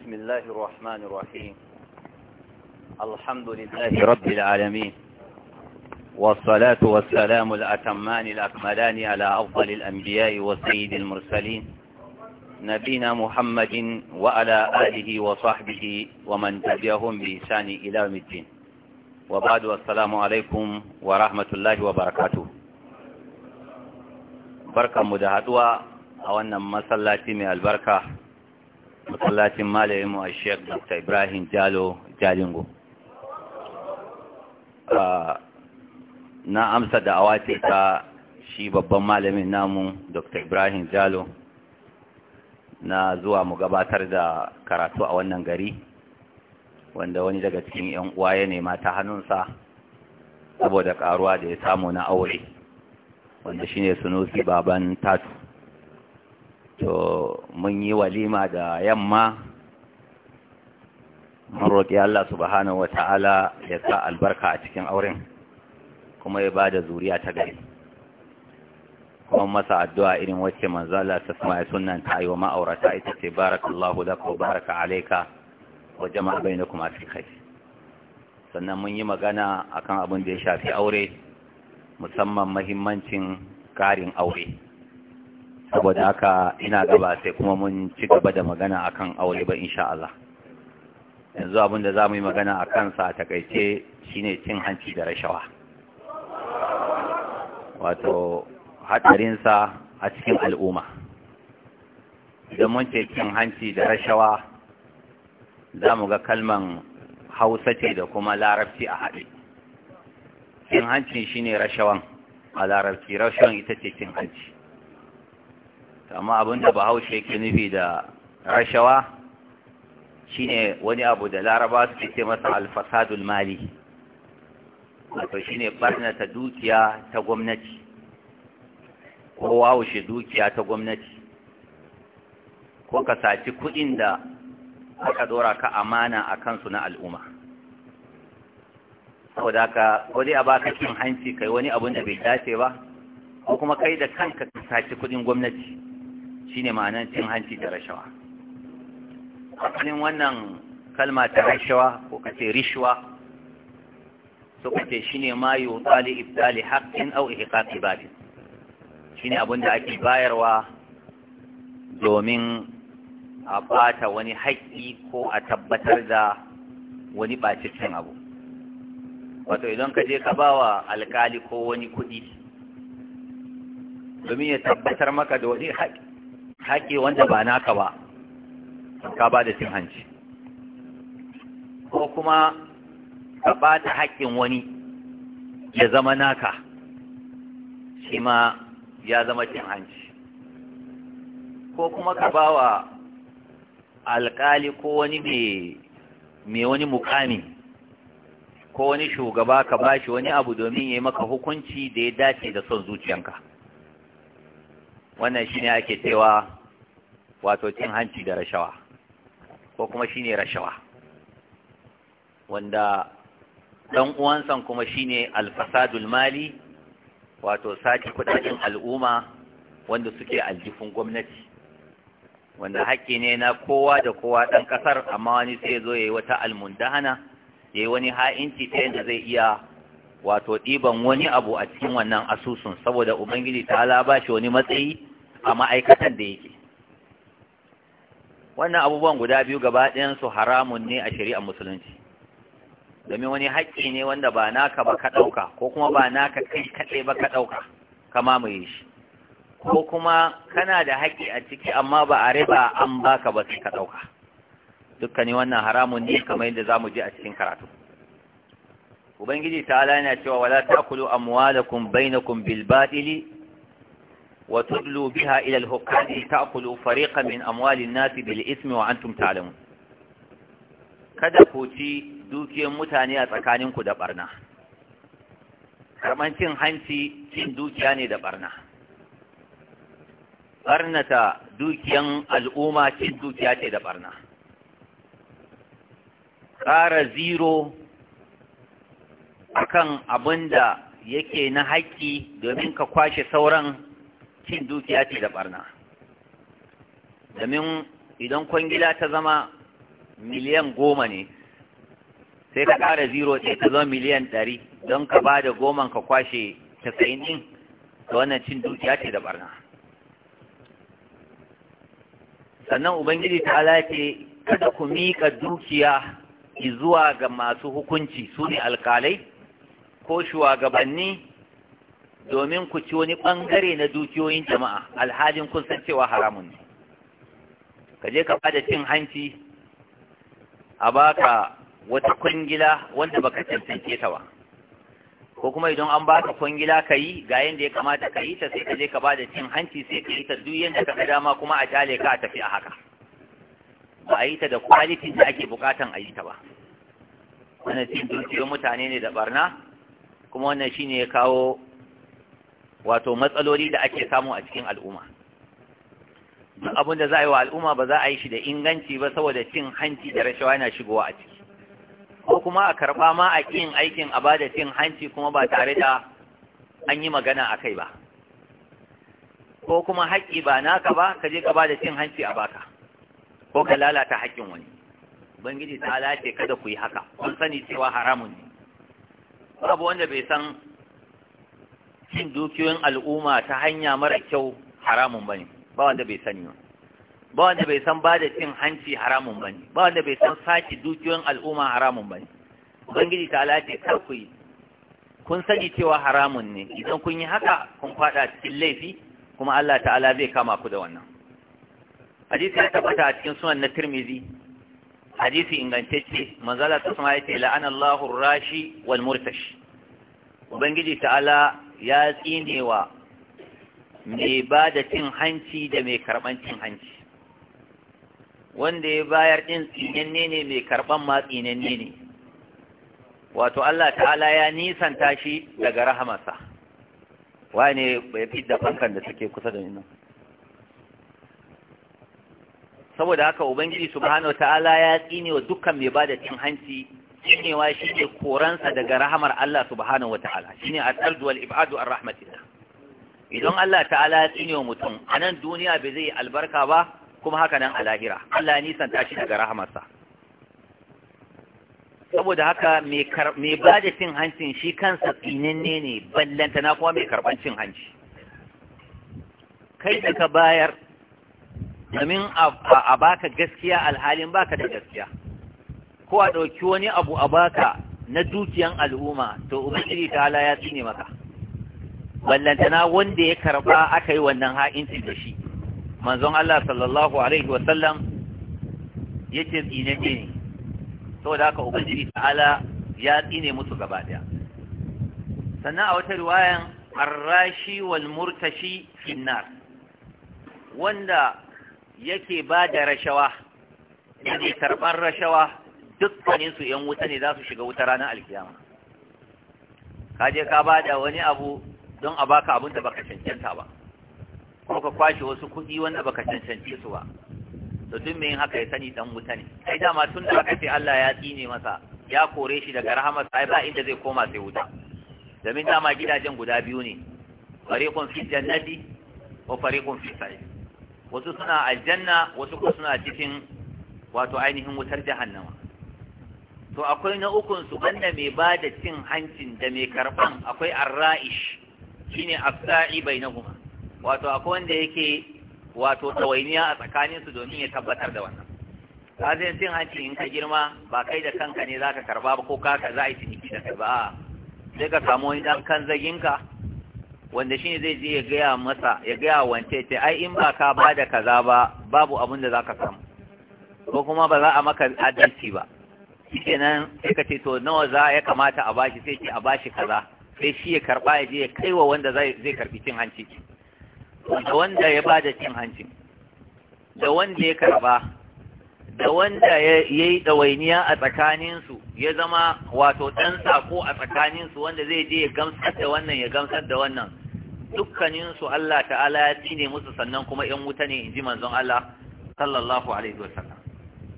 بسم الله الرحمن الرحيم الحمد لله رب العالمين والصلاة والسلام الأتمان الأكملان على أفضل الأنبياء وسيد المرسلين نبينا محمد وعلى آله وصحبه ومن تبعهم بإحسان إلى يوم الدين وبعد السلام عليكم ورحمة الله وبركاته بركة مدهدوة أو أن مسلاتي من البركة masallacin malamin mu a sheik dr ibrahim jalo jalingo na amsa da awace ta shi babban malamin namu dr ibrahim jalo na zuwa mu gabatar da karatu a wannan gari wanda wani daga cikin 'yan uwa ya nema ta hannunsa saboda karuwa da ya samu na aure wanda shine sunusi baban tatu to mun yi walima da yamma mun roƙi Allah subhanahu ta'ala ya sa albarka a cikin auren kuma ya ba da zuriya ta gari kuma masa addu'a irin wacce manzala ta sama ya sunan ta yi wa ma'aurata ita ce barakallahu da baraka alaika wa jama'a bai na kuma fi kai sannan mun yi magana akan abin da ya shafi aure musamman mahimmancin ƙarin aure saboda haka ina gaba sai kuma mun ci gaba da magana akan aure ba insha Allah yanzu abin da za mu yi magana a kansa a takaice shine cin hanci da rashawa wato sa a cikin al'umma idan mun ce cin hanci da rashawa za mu ga kalman hausa ce da kuma larabci a haɗe cin hanci shine rashawan a larabci rashawan ita ce cin hanci amma abin da bahaushe ke nufi da rashawa shine wani abu da laraba su ce masa alfasadul mali wato shine barnata dukiya ta gwamnati ko haushe dukiya ta gwamnati ko ka saci kuɗin da aka ɗora ka amana a kansu na al'umma saboda ka kodai a baka cin hanci kai wani abun da bai dace ba ko kuma kai da kanka ka saci kuɗin gwamnati shine ma'anar cin hanci da rashawa asalin wannan kalma ta rashawa ko kace rishwa So kace shine ma yuta li ibtali haqqin aw ihqaqi batil shine abinda ake bayarwa domin a bata wani haƙƙi ko a tabbatar da wani bacicin abu wato idan ka je ka bawa alkali ko wani kuɗi domin ya tabbatar maka da wani haƙƙi haƙe wanda ba naka ba ka ba da cin hanci ko kuma ka ba da haƙƙin wani ya zama naka shi ma ya zama cin hanci ko kuma ka ba wa alƙali ko wani mai wani mukami ko wani shugaba ka ba shi wani abu domin ya yi maka hukunci da ya dace da son zuciyanka wannan shine ake cewa wato cin hanci da rashawa ko kuma shine rashawa wanda dan uwansan kuma shine alfasadul mali wato saki kudaden al'umma wanda suke aljifin gwamnati wanda haƙƙi ne na kowa da kowa ɗan ƙasar amma wani sai zo ya yi wata almundahana ya yi wani ha'inci ta yadda zai iya wato ɗiban wani abu a cikin wannan asusun saboda ubangiji ta ala ba shi wani matsayi a ma'aikatan da yake wannan abubuwan guda biyu gaba ɗayansu haramun ne a shari'ar musulunci domin wani haƙƙi ne wanda ba naka ba ka ɗauka ko kuma ba naka kai kaɗai ba ka ɗauka ka mamaye shi ko kuma kana da haƙƙi a ciki amma ba a riba an baka ba ka ɗauka dukkanin wannan haramun ne kamar yadda za mu je a cikin karatu ubangiji ta'ala yana cewa wala ta'kulu amwalakum bainakum bil batili وتدلوا بها إلى الهكام تأكلوا فريقا من أموال الناس بالإثم وأنتم تعلمون kada ku ci dukiyar mutane a tsakaninku da barna karɓar cin hanci cin dukiya ne da barna barnata dukiyan al'umma cin dukiya ce da barna ƙara ziro akan abin da yake na haƙƙi domin ka kwashe sauran cin dukiya ce da barna domin idan kwangila ta zama miliyan goma ne sai ka kara zero ɗaya ta zama miliyan ɗari don ka ba da goman ka kwashe casa'in ɗin da wannan cin dukiya ce da barna sannan ubangiji ta alaƙe kada ku miƙa dukiya zuwa ga masu hukunci su ne alƙalai ko shugabanni domin ku ci wani ɓangare na dukiyoyin jama'a alhalin kun san cewa haramun ne ka je ka bada cin hanci a baka wata kwangila wanda baka cancance ta ba ko kuma idan an baka kwangila ka yi ga yadda ya kamata ka yi ta sai ka je ka bada cin hanci sai ka yi ta duk yadda ka ga dama kuma a jale ka a tafi a haka ba a yi ta da kwalitin da ake bukatan a yi ta ba wannan cin dukiyoyin mutane ne da barna kuma wannan shine ya kawo wato matsaloli da ake samu a cikin al'umma abin da za a yi wa al'umma ba za a yi shi da inganci ba saboda cin hanci da rashawa yana shigowa a ciki ko kuma a karɓa ma a ƙin aikin a ba cin hanci kuma ba tare da an yi magana a kai ba ko kuma haƙƙi ba naka ba ka je ka bada cin hanci a baka ko ka lalata haƙƙin wani ubangiji ta lace kada ku yi haka kun sani cewa haramun ne babu wanda bai san cin dukiyoyin al'umma ta hanya mara kyau haramun bane ba wanda bai sani ba ba wanda bai san ba da cin hanci haramun bane ba wanda bai san sace dukiyoyin al'umma haramun bane ubangiji ta alaƙe kar ku yi kun sani cewa haramun ne idan kun yi haka kun fada cikin laifi kuma Allah ta'ala zai kama ku da wannan hadisi ya tabbata a cikin sunan na tirmizi hadisi ingantacce manzala ta sama ya ce la'anallahu rashi wal murtashi ubangiji ta'ala ya tsinewa mai ba da cin hanci da mai karɓan cin hanci wanda ya bayar ɗin tsinenne ne mai karɓan ma tsinenne ne wato Allah ta'ala ya nisanta shi daga rahamarsa wane bai fi da fankan da suke kusa da nuna. saboda haka ubangiji subhanahu ta'ala ya tsinewa dukkan mai ba da cin hanci janyewa shi ne koransa daga rahamar Allah subhanahu ta’ala shi ne a tsarduwal ibadu a idan Allah ta'ala ya tsine wa mutum a nan duniya bai zai albarka ba kuma haka nan a lahira Allah ya nisanta shi daga rahamarsa saboda haka mai ba da cin hanci shi kansa tsinanne ne ballanta na kuma mai karɓar cin hanci kai da ka bayar domin a baka gaskiya alhalin baka da gaskiya ko a ɗauki wani abu a baka na dukiyan al'umma to ubangiji ta ala ya tsine maka ballantana wanda ya karba aka yi wannan ha'inci da shi manzon Allah sallallahu alaihi wasallam ya ce tsine ne saboda haka ubangiji ta ala ya tsine musu gaba daya sannan a wata riwayan arrashi wal murtashi finnar wanda yake ba da rashawa yake karɓar rashawa dukkanin su yan wuta ne za su shiga wuta ranar alkiyama ka je ka ba da wani abu don a baka abin da baka cancanta ba ko ka kwashe wasu kuɗi wanda baka cancanci su ba to duk mai haka ya sani dan wuta ne kai dama tun da aka ce Allah ya tsine masa ya kore shi daga Rahama sai ba inda zai koma sai wuta domin ma gidajen guda biyu ne fariqun fi jannati wa fariqun fi sa'ir wasu suna aljanna wasu kuma suna cikin wato ainihin wutar jahannama to akwai na ukun su banda mai ba da cin hancin da mai karban akwai arra'ish shine afsa'i bainahuma wato akwai wanda yake wato tawainiya a tsakanin su domin ya tabbatar da wannan kazin cin hanci in ka girma ba kai da kanka ne zaka karba ba ko kaka za a yi ciniki da kai ba sai ka samu wani dan kan zaginka wanda shine zai je ya gaya masa ya gaya wance ce ai in ba ka ba da kaza ba babu abin da zaka samu ko kuma ba za a maka adalci ba shikenan sai ka ce to nawa za ya kamata a bashi sai ce a bashi kaza sai shi ya karba ya je ya kai wa wanda zai karbi cin hanci da wanda ya ba da cin hanci da wanda ya karba da wanda ya yi ɗawainiya a tsakaninsu ya zama wato ɗan sako a tsakaninsu wanda zai je ya gamsar da wannan ya gamsar da wannan dukkaninsu Allah ta'ala ya tsine musu sannan kuma ‘yan wuta ne in ji manzon Allah sallallahu alaihi wasallam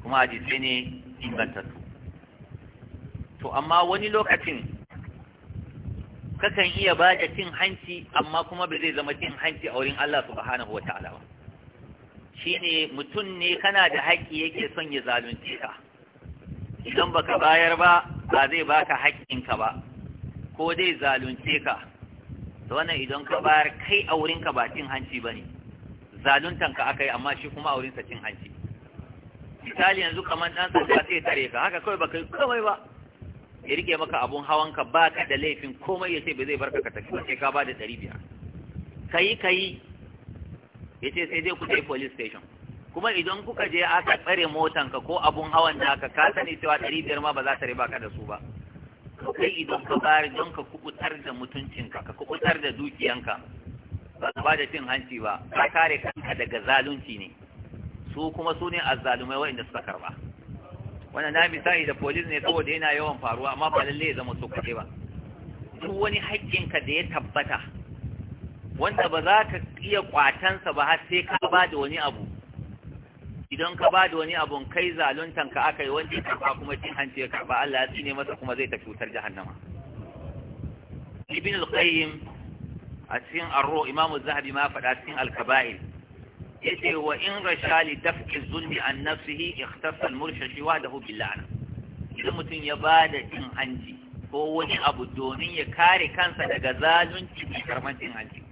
kuma a ne ingantattu to amma wani lokacin kakan iya ba da cin hanci amma kuma ba zai zama cin hanci a wurin Allah subhanahu wata'ala ba ne mutum ne kana da haƙƙi yake son ya zalunce ka idan baka bayar ba ba zai baka haƙƙinka ba ko zai zalunce ka to wannan idan ka bayar kai a wurinka ba cin hanci ba ne zaluntan ka yi amma shi kuma a wurinsa cin hanci misali yanzu kamar dan sanda sai tare ka haka kawai baka yi kawai ba ya rike maka abun hawanka ba ka da laifin komai ya ce ba zai barka ka tafi sai ka ba da ɗari biyar ka yi ya ce sai dai ku je police station kuma idan kuka je aka tsare motanka ko abun hawan naka ka sani cewa ɗari biyar ma ba za ta riba ka da su ba kai idan ka bari don ka kubutar da mutuncinka ka kubutar da dukiyanka ba ka ba da cin hanci ba ka kare kanka daga zalunci ne su kuma su ne azzalumai waɗanda suka karba wannan na misali da police ne saboda yana yawan faruwa amma ba lalle ya zama sokace ba duk wani haƙƙinka da ya tabbata wanda ba za ka iya kwatansa ba har sai ka ba da wani abu idan ka ba da wani abun kai zaluntan ka aka yi wanda ya karba kuma cin hanci ya karɓa. Allah ya tsine masa kuma zai tafi wutar jahannama ibn al-qayyim a cikin arro imamu zahabi ma faɗa cikin al-kaba'ir yace wa in rasha li daf'i zulmi an nafsihi ikhtassa al-murshashi wahdahu bil la'na idan mutum ya bada cin hanci ko wani abu domin ya kare kansa daga zalunci da karman cin hanci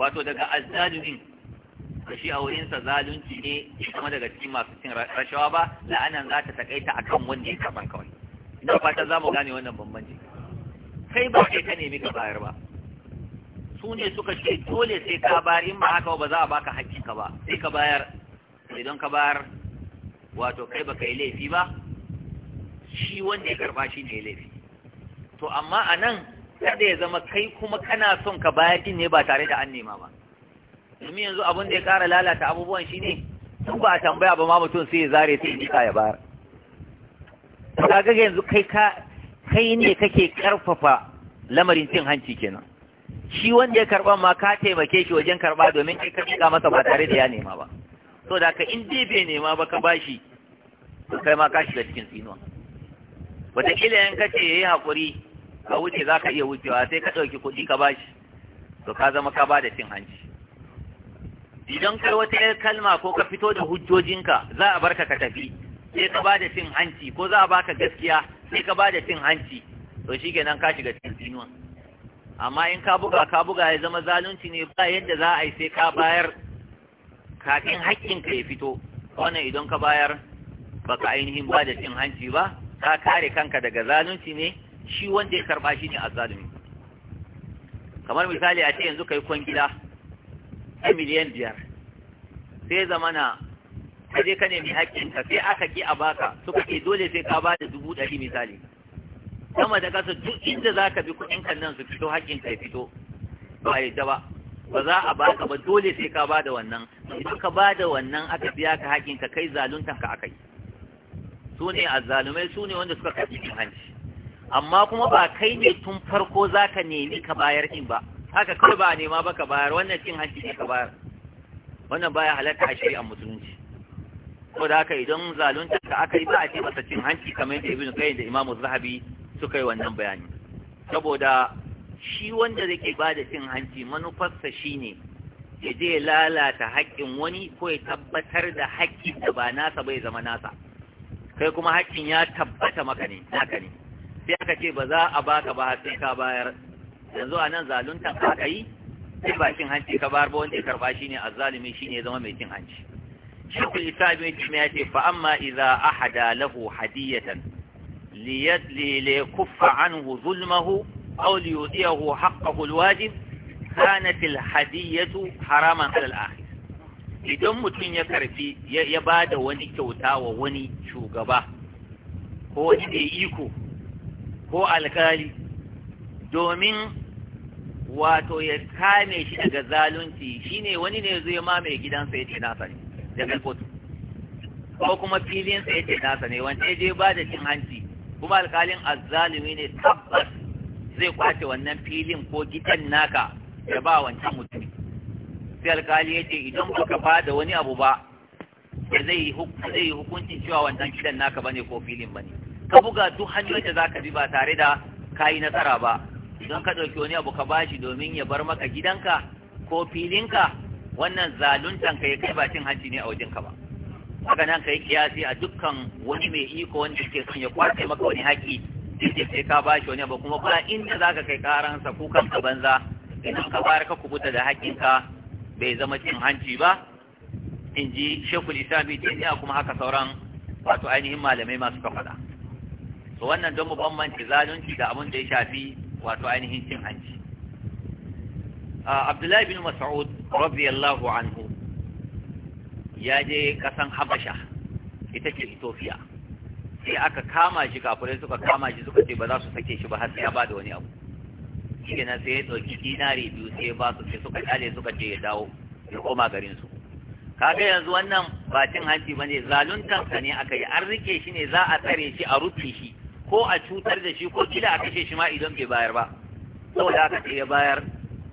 wato daga azzalumin da shi a wurin sa zalunci ne kuma daga cikin masu cin rashawa ba la'anan za ta takaita akan wanda ya karban kawai ina fata za mu gane wannan bambanci kai ba kai ka nemi ka bayar ba su ne suka ce dole sai ka bayar in ba haka ba za a baka haƙƙinka ba sai ka bayar idan ka bayar wato kai baka yi laifi ba shi wanda ya karba shi ne laifi to amma a nan kada ya zama kai kuma kana son ka bayar din ne ba tare da an nema ba domin yanzu abin da ya kara lalata abubuwan shi ne tun ba a tambaya ba ma mutum sai ya zare sai ya ya bayar ga yanzu kai ka kai ne kake karfafa lamarin cin hanci kenan shi wanda ya karɓa ma ka taimake shi wajen karɓa domin kai ka miƙa masa ba tare da ya nema ba so da ka in bai nema ba ka bashi to kai ma ka shiga cikin tsinuwa wataƙila yan ka ce yi haƙuri ka wuce za ka iya wucewa sai ka ɗauki kuɗi ka bashi to ka zama ka ba da cin hanci idan kai wata yar kalma ko ka fito da hujjojinka za a barka ka tafi sai ka ba da cin hanci ko za a baka gaskiya sai ka ba da cin hanci to shi kenan ka shiga cikin tsinuwa amma in ka buga ka buga ya zama zalunci ne ba yadda za a yi sai ka bayar kafin haƙƙinka ya fito wannan idan ka bayar ba ka ainihin ba da cin hanci ba ka kare kanka daga zalunci ne shi wanda ya karba shi ne a zalumi kamar misali a ce yanzu kai kwangila ta miliyan biyar sai zamana ka je ka nemi haƙƙinka sai aka ki a baka suka ke dole sai ka ba da dubu ɗari misali sama da kasa duk inda za ka bi kuɗin kan nan su fito haƙƙin ka ya fito ba ya ba, ba za a ba ka ba dole sai ka ba da wannan idan ka ba da wannan aka biya ka haƙƙin ka kai zaluntan ka akai su ne azzalumai su ne wanda suka karɓi cin hanci amma kuma ba kai ne tun farko za ka nemi ka bayar in ba haka kawai ba a nema ba ka bayar wannan cin hanci ne ka bayar wannan baya halatta a shari'ar musulunci ko da haka idan zalunta ka aka yi ba a ce masa cin hanci kamar yadda ibn qayyim da imamu zahabi suka yi wannan bayani saboda shi wanda zai ba da cin hanci manufarsa shine ya je lalata haƙƙin wani ko ya tabbatar da haƙƙin da ba nasa bai zama nasa kai kuma haƙƙin ya tabbata maka ne naka ne sai aka ce ba za a baka ba sai ka bayar yanzu a nan zalunta ka aka yi sai ba cin hanci ka bayar ba wanda ya karɓa shi ne shine shi ne ya zama mai cin hanci shi ku isa bin ya ce fa amma iza ahada lahu hadiyatan ليدلي ليكف عنه ظلمه أو ليؤديه حقه الواجب كانت الحدية حراما على الآخر إذن mutum ya karfi ya ba da wani kyauta wa wani shugaba ko wani wato ya kame shi daga zalunci shi ne wani ne zai ma mai gidansa ya ce nasa ne daga kotu ko kuma filinsa ya ce nasa ne wanda ya je ba da cin hanci kuma alkalin azzalumi ne tabbas zai kwace wannan filin ko gidan naka ya ba wancan mutum sai alkali idan baka ba wani abu ba zai yi hukuncin cewa wannan gidan naka bane ko filin bane ka buga duk hanyoyin da za ka bi ba tare da kayi nasara ba idan ka ɗauki wani abu ka bashi domin ya bar maka gidanka ko filinka wannan zaluntan ka ya kai ba cin hanci ne a wajenka ba haka nan kai kiyasi a dukkan wani mai iko wanda ke son ya kwace maka wani haƙi da sai ka bashi wani ba kuma ba inda za ka kai karansa ko kanka banza idan ka bayar ka kubuta da haƙinka bai zama cin hanci ba in ji shekul islami kuma haka sauran wato ainihin malamai masu kafaɗa to wannan don mu bambance zalunci da abin da ya shafi wato ainihin cin hanci ah, abdullahi bin mas'ud radiyallahu anhu ya je kasan habasha ita ce ethiopia sai aka kama shi kafirai suka kama shi suka ce ba za su sake shi ba har sai ya bada wani abu shi na sai ya ɗauki dinari biyu sai ya ba su sai suka kyale suka ce ya dawo ya koma garin su kaga yanzu wannan ba cin hanci bane zaluntan ka ne aka yi an rike shi ne za a tsare shi a rufe shi ko a cutar da shi ko kila a kashe shi ma idan bai bayar ba saboda haka sai ya bayar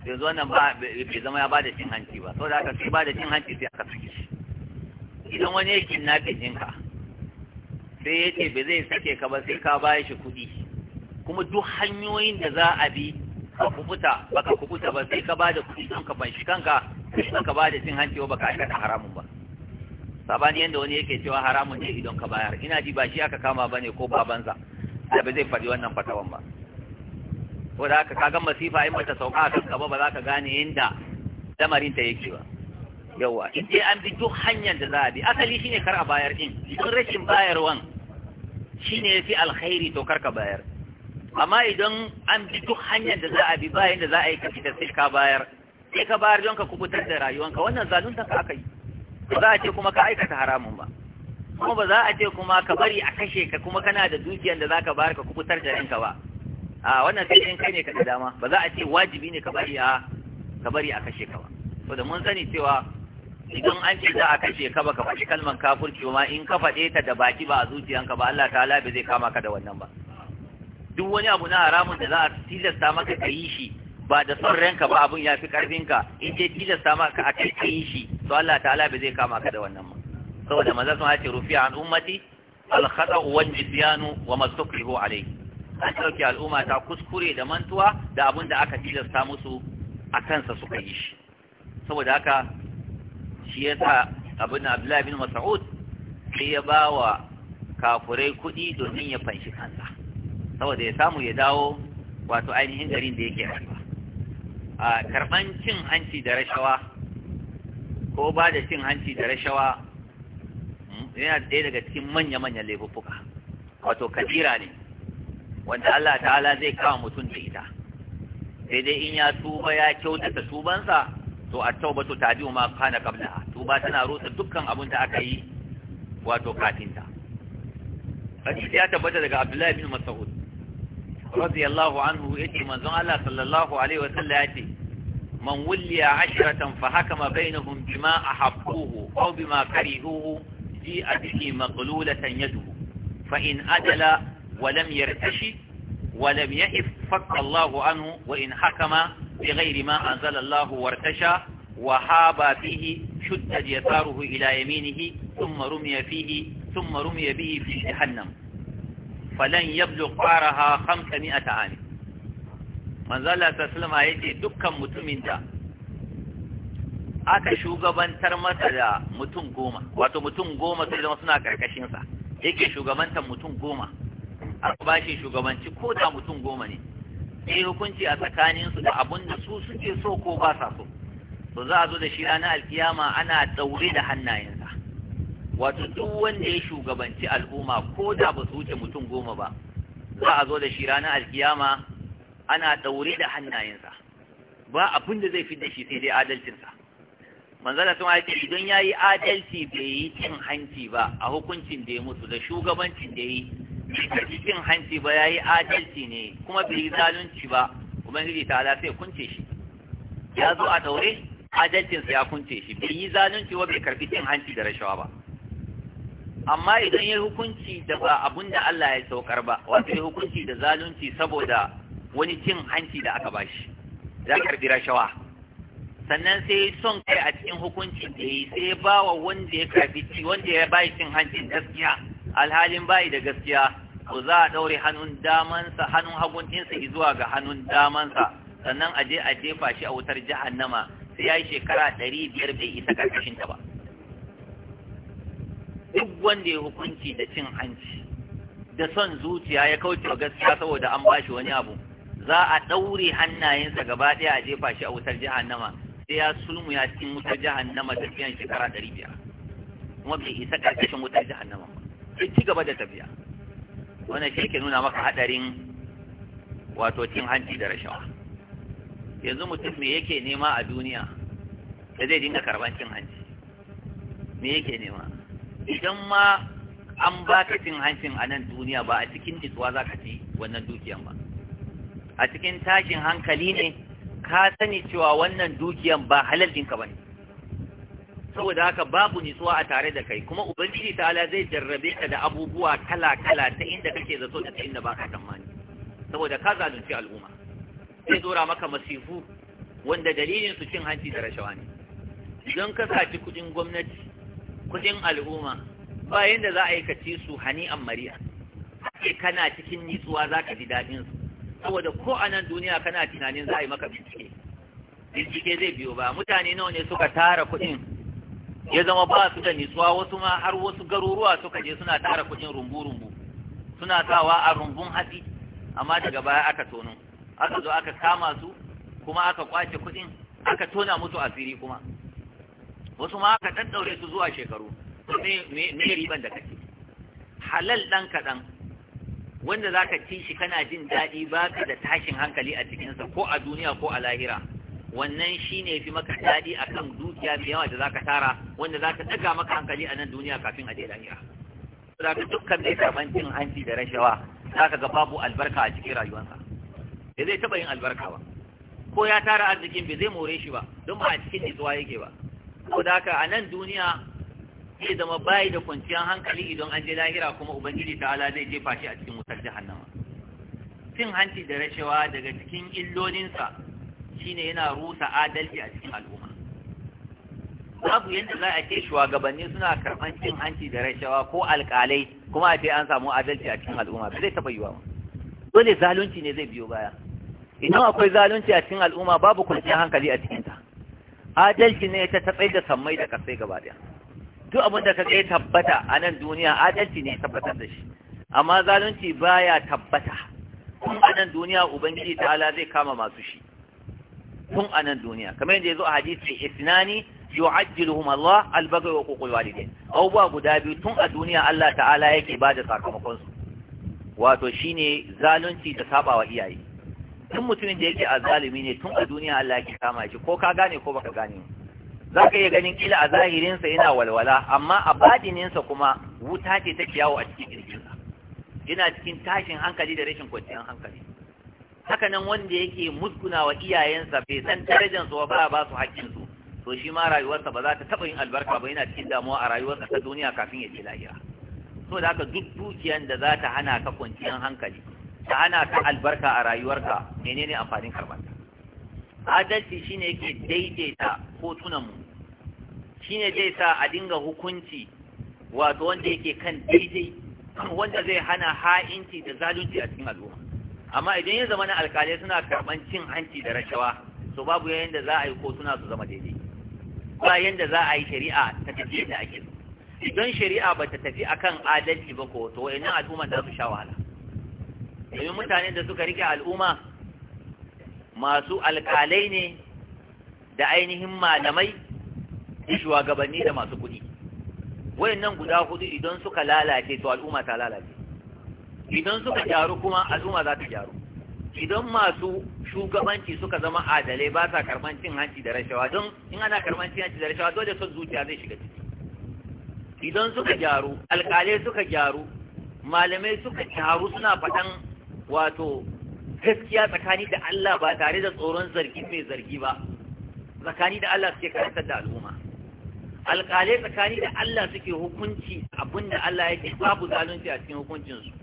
yanzu wannan ba bai zama ya bada cin hanci ba saboda haka sai bada cin hanci sai aka sake shi idan wani ya kidnapping ɗinka sai ya ce ba zai sake ka ba sai ka baya shi kuɗi kuma duk hanyoyin da za a bi ka kubuta baka kubuta ba sai ka ba da kuɗi don ka shi kanka sai ka ba da cin hanci ba ka aikata haramun ba sabani yadda wani yake cewa haramun ne idan ka bayar ina ji ba shi aka kama ba ne ko babansa da ba zai faɗi wannan fatawan ba ko da aka ga masifa in mata sauka a kanka ba ba za ka gane yadda lamarin ta yake ba yawa in dai an bi duk hanyar da za a bi asali shine kar a bayar din idan rashin bayarwan shine fi alkhairi to kar ka bayar amma idan an bi duk hanyar da za a bi bayan da za a yi kafi da sai ka bayar sai ka bayar don ka kubutar da rayuwanka wannan zalunta ka aka yi ba za a ce kuma ka aikata haramun ba kuma ba za a ce kuma ka bari a kashe ka kuma kana da dukiyar da za ka bayar ka kubutar da ranka ba a wannan sai in kai ne ka da dama ba za a ce wajibi ne ka bari a ka bari a kashe ka ba to mun sani cewa idan an ce za a kashe ka baka faɗi kalman kafirci ma in ka faɗe ta da baki ba a zuciyanka ba Allah ta'ala bai zai kama ka da wannan ba duk wani abu na haramun da za a tilasta maka ka yi shi ba da son ranka ba abun ya fi ka in je tilasta maka a kai ka yi shi to Allah ta'ala bai zai kama ka da wannan ba saboda maza sun ce rufi an ummati al-khata wa nisyanu wa mastukrihu alayhi an ɗauki al'umma ta kuskure da mantuwa da abun da aka tilasta musu a kansa suka yi shi saboda haka shi ya sa abin abdullahi bin mas'ud sai ya ba wa kafurai kuɗi domin ya fanshi kansa saboda ya samu ya dawo wato ainihin garin da yake rayuwa a karɓan cin hanci da rashawa ko ba da cin hanci da rashawa yana ɗaya daga cikin manya-manyan laifuffuka wato kabira ne wanda Allah ta'ala zai kawo mutum da ita sai dai in ya tuba ya kyautata tubansa to at-taubatu tabi'u ma kana qablaha tuba tana rotsa dukkan abin da aka yi wato kafinta hadisi ya tabbata daga Abdullahi bin Mas'ud radiyallahu anhu yace manzon Allah sallallahu alaihi wasallam yace man wulliya ashratan fa hakama bainahum bima ahabbuhu aw bima karihuhu fi adhi maqlulatan yaduhu fa in adala wa lam yartashi wa lam yahif fakka Allahu anhu wa in hakama بغير ما أنزل الله وارتشى وحاب فيه شدد يساره إلى يمينه ثم رمي فيه ثم رمي به bihi جهنم فلن يبلغ قارها خمسمائة عام من ذا الله تسلم آياتي دكا متمن aka shugabantar masa da mutum goma wato mutum goma sai suna karkashinsa yake shugabantar mutum goma aka bashi shugabanci ko da mutum goma ne yi hukunci a tsakaninsu da abun da su suke so ko ba sa so to za a zo da shi ranar alkiyama ana daure da hannayensa wato duk wanda ya shugabanci al'umma ko da ba su wuce mutum goma ba za a zo da shi ranar alkiyama ana daure da hannayensa ba abin da zai fi da shi sai dai adalcinsa manzala sun haifi idan ya yi adalci bai yi cin hanci ba a hukuncin da ya mutu da shugabancin da ya yi bai cin hanci ba ya yi adalci ne kuma bai zalunci ba ubangiji ta ala sai kunce shi ya zo a daure adalcinsa ya kunce shi bai yi zalunci ba bai karfi cin hanci da rashawa ba amma idan ya hukunci da ba abun da Allah ya saukar ba wato ya hukunci da zalunci saboda wani cin hanci da aka bashi ya karbi rashawa sannan sai son kai a cikin hukunci da yi sai ba wa wanda ya karbi wanda ya bayi cin hancin gaskiya alhalin bai da gaskiya to za a daure hannun damansa hannun hagun ɗinsa zuwa ga hannun damansa sannan a je a jefa shi a wutar jahannama sai ya yi shekara ɗari biyar bai isa ƙarƙashinta ba duk wanda ya hukunci da cin hanci da son zuciya ya kauce wa gaskiya saboda an ba shi wani abu za a ɗaure hannayensa gaba ɗaya a jefa shi a wutar jahannama sai ya sulmu ya cikin wutar jahannama tafiyan shekara ɗari biyar kuma bai isa ƙarƙashin wutar jahannama ya ci gaba da tafiya wannan shi ke nuna maka hadarin wato cin hanci da rashawa yanzu mutum me yake nema a duniya da zai dinga karban cin hanci me yake nema idan ma an ba ka cin hancin a nan duniya ba a cikin jituwa za ka ci wannan dukiyan ba a cikin tashin hankali ne ka sani cewa wannan dukiyan ba halal ɗinka ba ne saboda haka babu nitsuwa a tare da kai kuma ubangiji Ala zai jarrabe ka da abubuwa kala kala ta inda kake zato da ta inda baka tsammani saboda ka zalunci al'umma zai dora maka masifu wanda dalilin su cin hanci da rashawa ne idan ka saci kudin gwamnati kudin al'umma ba yadda za a yi kaci su hani an mariya sai kana cikin nitsuwa za ka ji daɗin su saboda ko a nan duniya kana tunanin za a yi maka bincike bincike zai biyo ba mutane nawa ne suka tara kuɗin ya zama ba su da nitsuwa wasu ma har wasu garuruwa suka je suna tara kuɗin rumbu-rumbu suna sawa a rumbun hatsi amma daga baya aka tono aka zo aka kama su kuma aka kwace kuɗin aka tona musu asiri kuma wasu ma aka daddaure su zuwa shekaru me riban da kake halal ɗan kaɗan wanda za ka ci shi kana jin daɗi ba ka da tashin hankali a cikinsa ko a duniya ko a lahira wannan shi ne fi maka daɗi a kan dukiya mai yawa da za ka tara wanda za ka daga maka hankali a nan duniya kafin a je lahira. Za ka dukkan mai karɓan cin hanci da rashawa za ka ga babu albarka a cikin rayuwarsa. Da zai taɓa yin albarka ba. Ko ya tara arzikin bai zai more shi ba don ba a cikin nutsuwa yake ba. da haka a nan duniya zai zama bayi da kwanciyar hankali idan an je lahira kuma Ubangiji ta'ala zai jefa shi a cikin wutar jahannama. Cin hanci da rashawa daga cikin illolinsa shine yana rusa adalci a cikin al'umma babu yadda za a ce shugabanni suna karɓar cin hanci da rashawa ko alƙalai kuma a ce an samu adalci a cikin al'umma ba zai taɓa yiwa ba dole zalunci ne zai biyo baya idan akwai zalunci a cikin al'umma babu kwanciyar hankali a cikinta adalci ne ta tatsai da sammai da kasai gaba ɗaya duk abin da ka kai tabbata a nan duniya adalci ne tabbatar da shi amma zalunci baya tabbata a nan duniya ubangiji ta'ala zai kama masu shi tun a nan duniya kamar yadda ya zo a hadisi isnani yu'ajjiluhum Allah al-baghy wa huququl walidain abubuwa guda biyu tun a duniya Allah ta'ala yake ba da sakamakonsu. su wato shine zalunci da sabawa iyaye tun mutumin da yake zalumi ne tun a duniya Allah yake kama shi ko ka gane ko baka gane za ka iya ganin kila a zahirinsa yana walwala amma a badininsa kuma wuta ce ta yawo a cikin kirkinsa yana cikin tashin hankali da rashin kwanciyar hankali haka nan wanda yake muskuna wa iyayensa bai san darajar su ba ba su hakkin su to shi ma rayuwarsa ba za ta taɓa yin albarka ba yana cikin damuwa a rayuwarsa ta duniya kafin ya je lahira so da haka duk dukiyan da za ta hana ka kwanciyar hankali ta hana ka albarka a rayuwarka menene amfanin karbanta adalci shine yake daidaita mu shine zai sa a dinga hukunci wato wanda yake kan daidai wanda zai hana ha'inci da zalunci a cikin al'umma amma idan ya zama na alkalai suna karɓan cin hanci da rashawa so babu yayin da za a yi ko suna su zama daidai ba yadda za a yi shari'a ta tafi da ake idan shari'a ba ta tafi akan adalci ba ko to wayannan al'umma za su sha wahala domin mutanen da suka rike al'umma masu alkalai ne da ainihin malamai da shugabanni da masu kuɗi wayannan guda hudu idan suka lalace to al'umma ta lalace idan suka gyaru kuma al'umma za ta gyaru idan masu shugabanci suka zama adalai ba sa karɓar cin hanci da rashawa don in ana karɓar cin hanci da rashawa dole son zuciya zai shiga ciki idan suka gyaru alkalai suka gyaru malamai suka gyaru suna faɗan wato gaskiya tsakani da Allah ba tare da tsoron zargi mai zargi ba tsakani da Allah suke karantar da al'umma alkalai tsakani da Allah suke hukunci abinda Allah yake babu zalunci a cikin hukuncinsu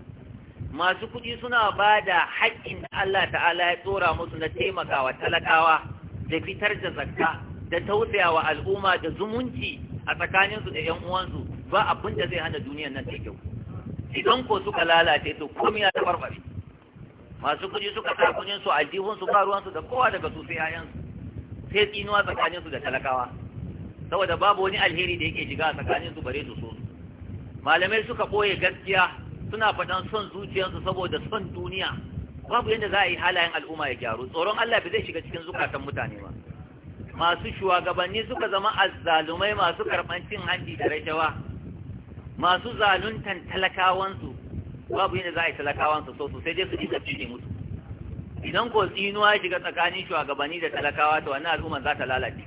masu kuɗi suna ba da haƙƙin da Allah ta'ala ya tsora musu na taimakawa talakawa da fitar da zakka da tausayawa al'umma da zumunci a tsakaninsu da ‘yan uwansu ba abin da zai hana duniyar nan ta kyau idan ko suka lalace to komai ya tabarbare masu kuɗi suka sa kuɗin su aljihun su ba su da kowa daga su sai yayan sai tsinuwa tsakaninsu da talakawa saboda babu wani alheri da yake shiga a tsakaninsu bare su so malamai suka ɓoye gaskiya suna faɗan son zuciyarsu saboda son duniya babu yadda za a yi halayen al'umma ya gyaru tsoron Allah bai zai shiga cikin zukatan mutane ba masu shugabanni suka zama azzalumai masu karɓan cin hanci da rashawa masu zaluntan talakawansu babu yadda za a yi talakawansu so sosai dai su ji tafi ne musu idan ko tsinuwa ya shiga tsakanin shugabanni da talakawa to wannan al'umma za ta lalace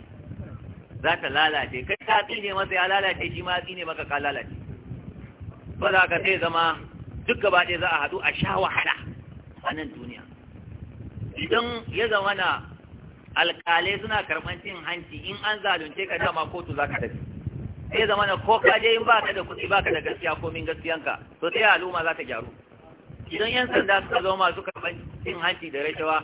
za ta lalace kai ka tsine masa ya lalace shi ma tsine maka ka lalace ba za ka sai zama duk gaba ɗaya za a haɗu a sha wahala a nan duniya idan ya zama na alƙalai suna karɓar cin hanci in an zalunce ka dama kotu za ka tafi sai zama na ko ka je in ba ka da kuɗi ba ka da gaskiya ko min gaskiyanka to sai luma za ta gyaru idan yan sanda suka zo masu karɓar cin hanci da rashawa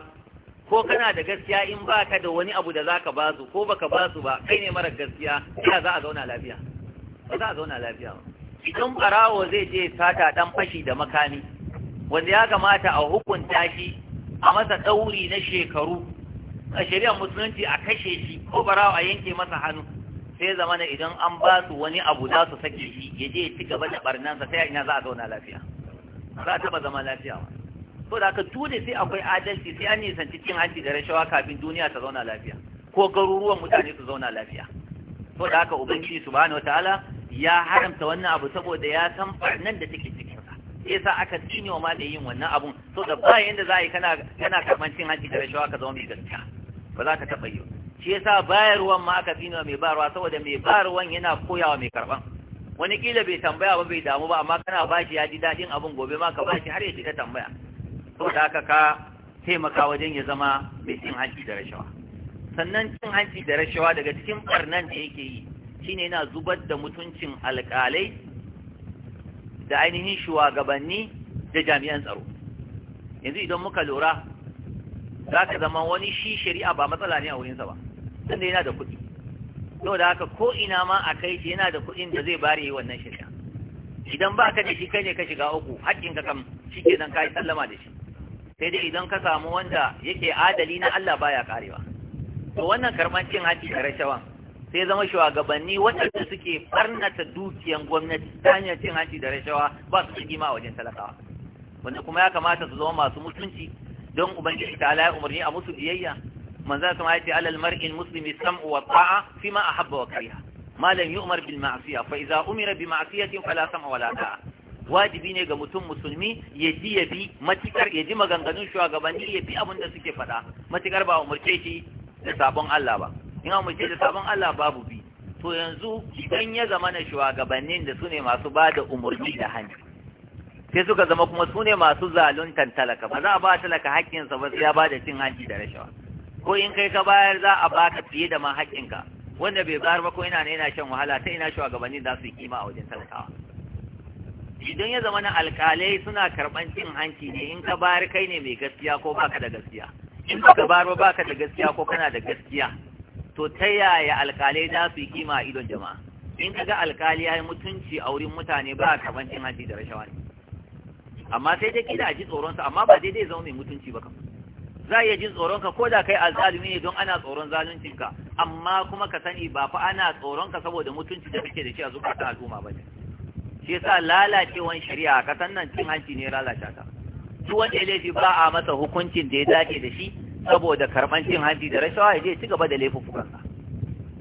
ko kana da gaskiya in ba ka da wani abu da za ka basu ko ba ka ba ba kai ne mara gaskiya ya za a zauna lafiya ba za a zauna lafiya ba idan barawo zai je sata ɗan fashi da makami wanda ya kamata a hukunta shi a masa ɗauri na shekaru a shari'a musulunci a kashe shi ko barawo a yanke masa hannu sai zama na idan an ba su wani abu za su sake shi ya je ci gaba da ɓarnansa, sai ina za a zauna lafiya za a taɓa zama lafiya ba to da haka dole sai akwai adalci sai an nisanci cin hanci da rashawa kafin duniya ta zauna lafiya ko garuruwan mutane su zauna lafiya to da haka ubangiji subhanahu wataala ya haramta wannan abu saboda ya san barnan da take cikin sa yasa aka cinye wa malai yin wannan abun so da ba yanda za a yi kana kana karban cin hanci da rashawa ka zama mai gaskiya ba za ka taɓa yi shi yasa bayarwan ma aka cinye wa mai bayarwa saboda mai bayarwan yana koyawa mai karban wani kila bai tambaya ba bai damu ba amma kana bashi ya ji daɗin abun gobe ma ka bashi har ya shiga tambaya da haka ka taimaka wajen ya zama mai cin hanci da rashawa sannan cin hanci da rashawa daga cikin barnan da yake yi shine yana zubar da mutuncin alƙalai da ainihin shugabanni da jami'an tsaro yanzu idan muka lura za ka zama wani shi shari'a ba matsala ne a wurinsa ba tunda yana da kuɗi yau da haka ko ina ma a kai shi yana da kuɗin da zai bari wannan shari'a idan ba ka da shi kai ne ka shiga uku haƙƙinka kam shi ke nan ka yi sallama da shi sai dai idan ka samu wanda yake adali na Allah baya karewa to wannan karɓar haƙƙi hanci da rashawan sai zama shugabanni waɗanda suke barnata dukiyan gwamnati ta hanyar cin hanci da rashawa ba su kima wajen talakawa wanda kuma ya kamata su zama masu mutunci don ubangiji ta ala umarni a musu biyayya manzan sama ya ce alal mar'in muslimi sam'u wa ta'a fi ma ahabba wa kariha malam yu'mar bil ma'siya fa idza umira bi ma'siyatin fala sam'a wala ta'a wajibi ne ga mutum musulmi ya ji ya bi matikar ya ji maganganun shugabanni ya bi abin da suke faɗa matikar ba umurce shi da sabon Allah ba in an mace da sabon Allah babu bi to yanzu idan ya zama na shugabannin da su ne masu ba da umarni da hannu sai suka zama kuma su ne masu zaluntan talaka ba za a ba talaka haƙƙinsa ba sai ya ba da cin hanci da rashawa ko in kai ka bayar za a baka fiye da ma haƙƙinka wanda bai bayar ba ko ina ne yana shan wahala ta ina shugabannin za su yi kima a wajen talakawa idan ya zama na alƙalai suna karɓan cin hanci ne in ka bayar kai ne mai gaskiya ko baka da gaskiya in baka bayar ba baka da gaskiya ko kana da gaskiya to ta yaya alkalai za su yi kima a idon jama'a in ka ga alkali ya yi mutunci a wurin mutane ba a karban cin hanci da rashawa ne amma sai dai kila a ji tsoronsa amma ba daidai zama mai mutunci ba kamar za iya jin tsoronka ko da kai azalimi ne don ana tsoron zaluncinka amma kuma ka sani ba fa ana tsoronka saboda mutunci da kake da shi a zukatan al'umma ba ne shi yasa lalacewan shari'a a kasan nan cin hanci ne lalata ta duk wanda ya laifi ba a masa hukuncin da ya dace da shi saboda karban cin hanci da rashawa ya je ci gaba da laifukansa.